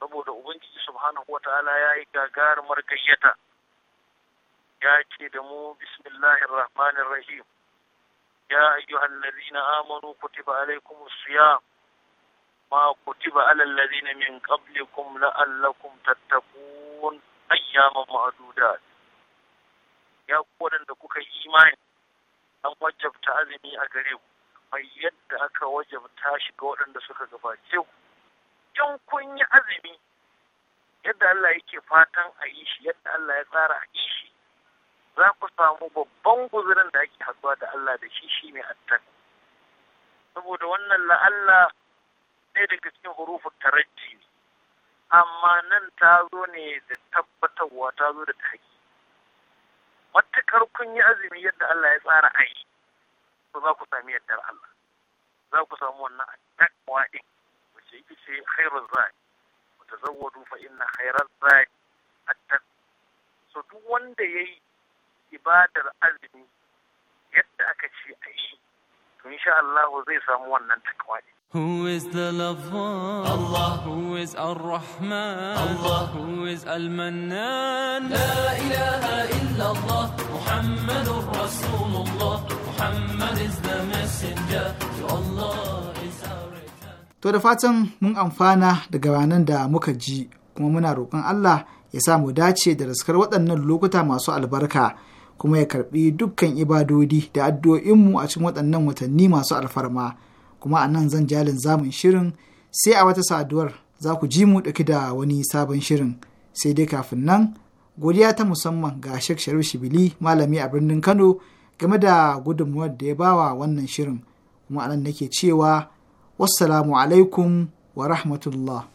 saboda ubangiji subhanahu wataala ya yi gagarumar gayyata ya ce da mu bismillahir rahmanir rahim ya ayyuhal ladina amanu kutiba alaikumus siyam ma kutiba alal ladina min qablikum la'allakum tattaqun ayyaman ma'dudat ya ku da kuka yi imani an wajabta azumi a gare ku mai yadda aka wajabta shiga waɗanda suka gabace ku in kun yi azumi yadda Allah yake fatan a yi shi yadda Allah ya tsara a yi shi za ku samu babban guzurin da ake haɗuwa da Allah da shi shi ne attak saboda wannan la'alla ɗaya daga cikin hurufin taraji ne amma nan ta zo ne da tabbatarwa ta zo da taki matukar kun yi azumi yadda Allah ya tsara a yi to za ku sami yadda Allah za ku samu wannan takwa din wace ita ce khairun zai ku fa inna khairal zai at so duk wanda yayi ibadar azumi yadda aka ce a yi to insha Allah zai samu wannan takwa din Who is the lover? Allah. Who is Ar-Rahman? Allah. Who is Al-Mannan? La ilaha illallah. Muhammad Rasulullah. Muhammad is the messenger. To Allah is our return. To da fatan mun amfana daga ranar da muka ji kuma muna roƙon Allah ya sa mu dace da raskar waɗannan lokuta masu albarka kuma ya karɓi dukkan ibadodi da addu'o'inmu a cikin waɗannan watanni masu alfarma. kuma a nan zan jalin zamun shirin sai a wata saduwar za ku ji mu ɗauki da wani sabon shirin sai dai kafin nan godiya ta musamman ga shek Sharif Shibili malami a birnin Kano game da gudunmuwar da ya bawa wannan shirin kuma anan nake cewa wassalamu alaikum wa rahmatullah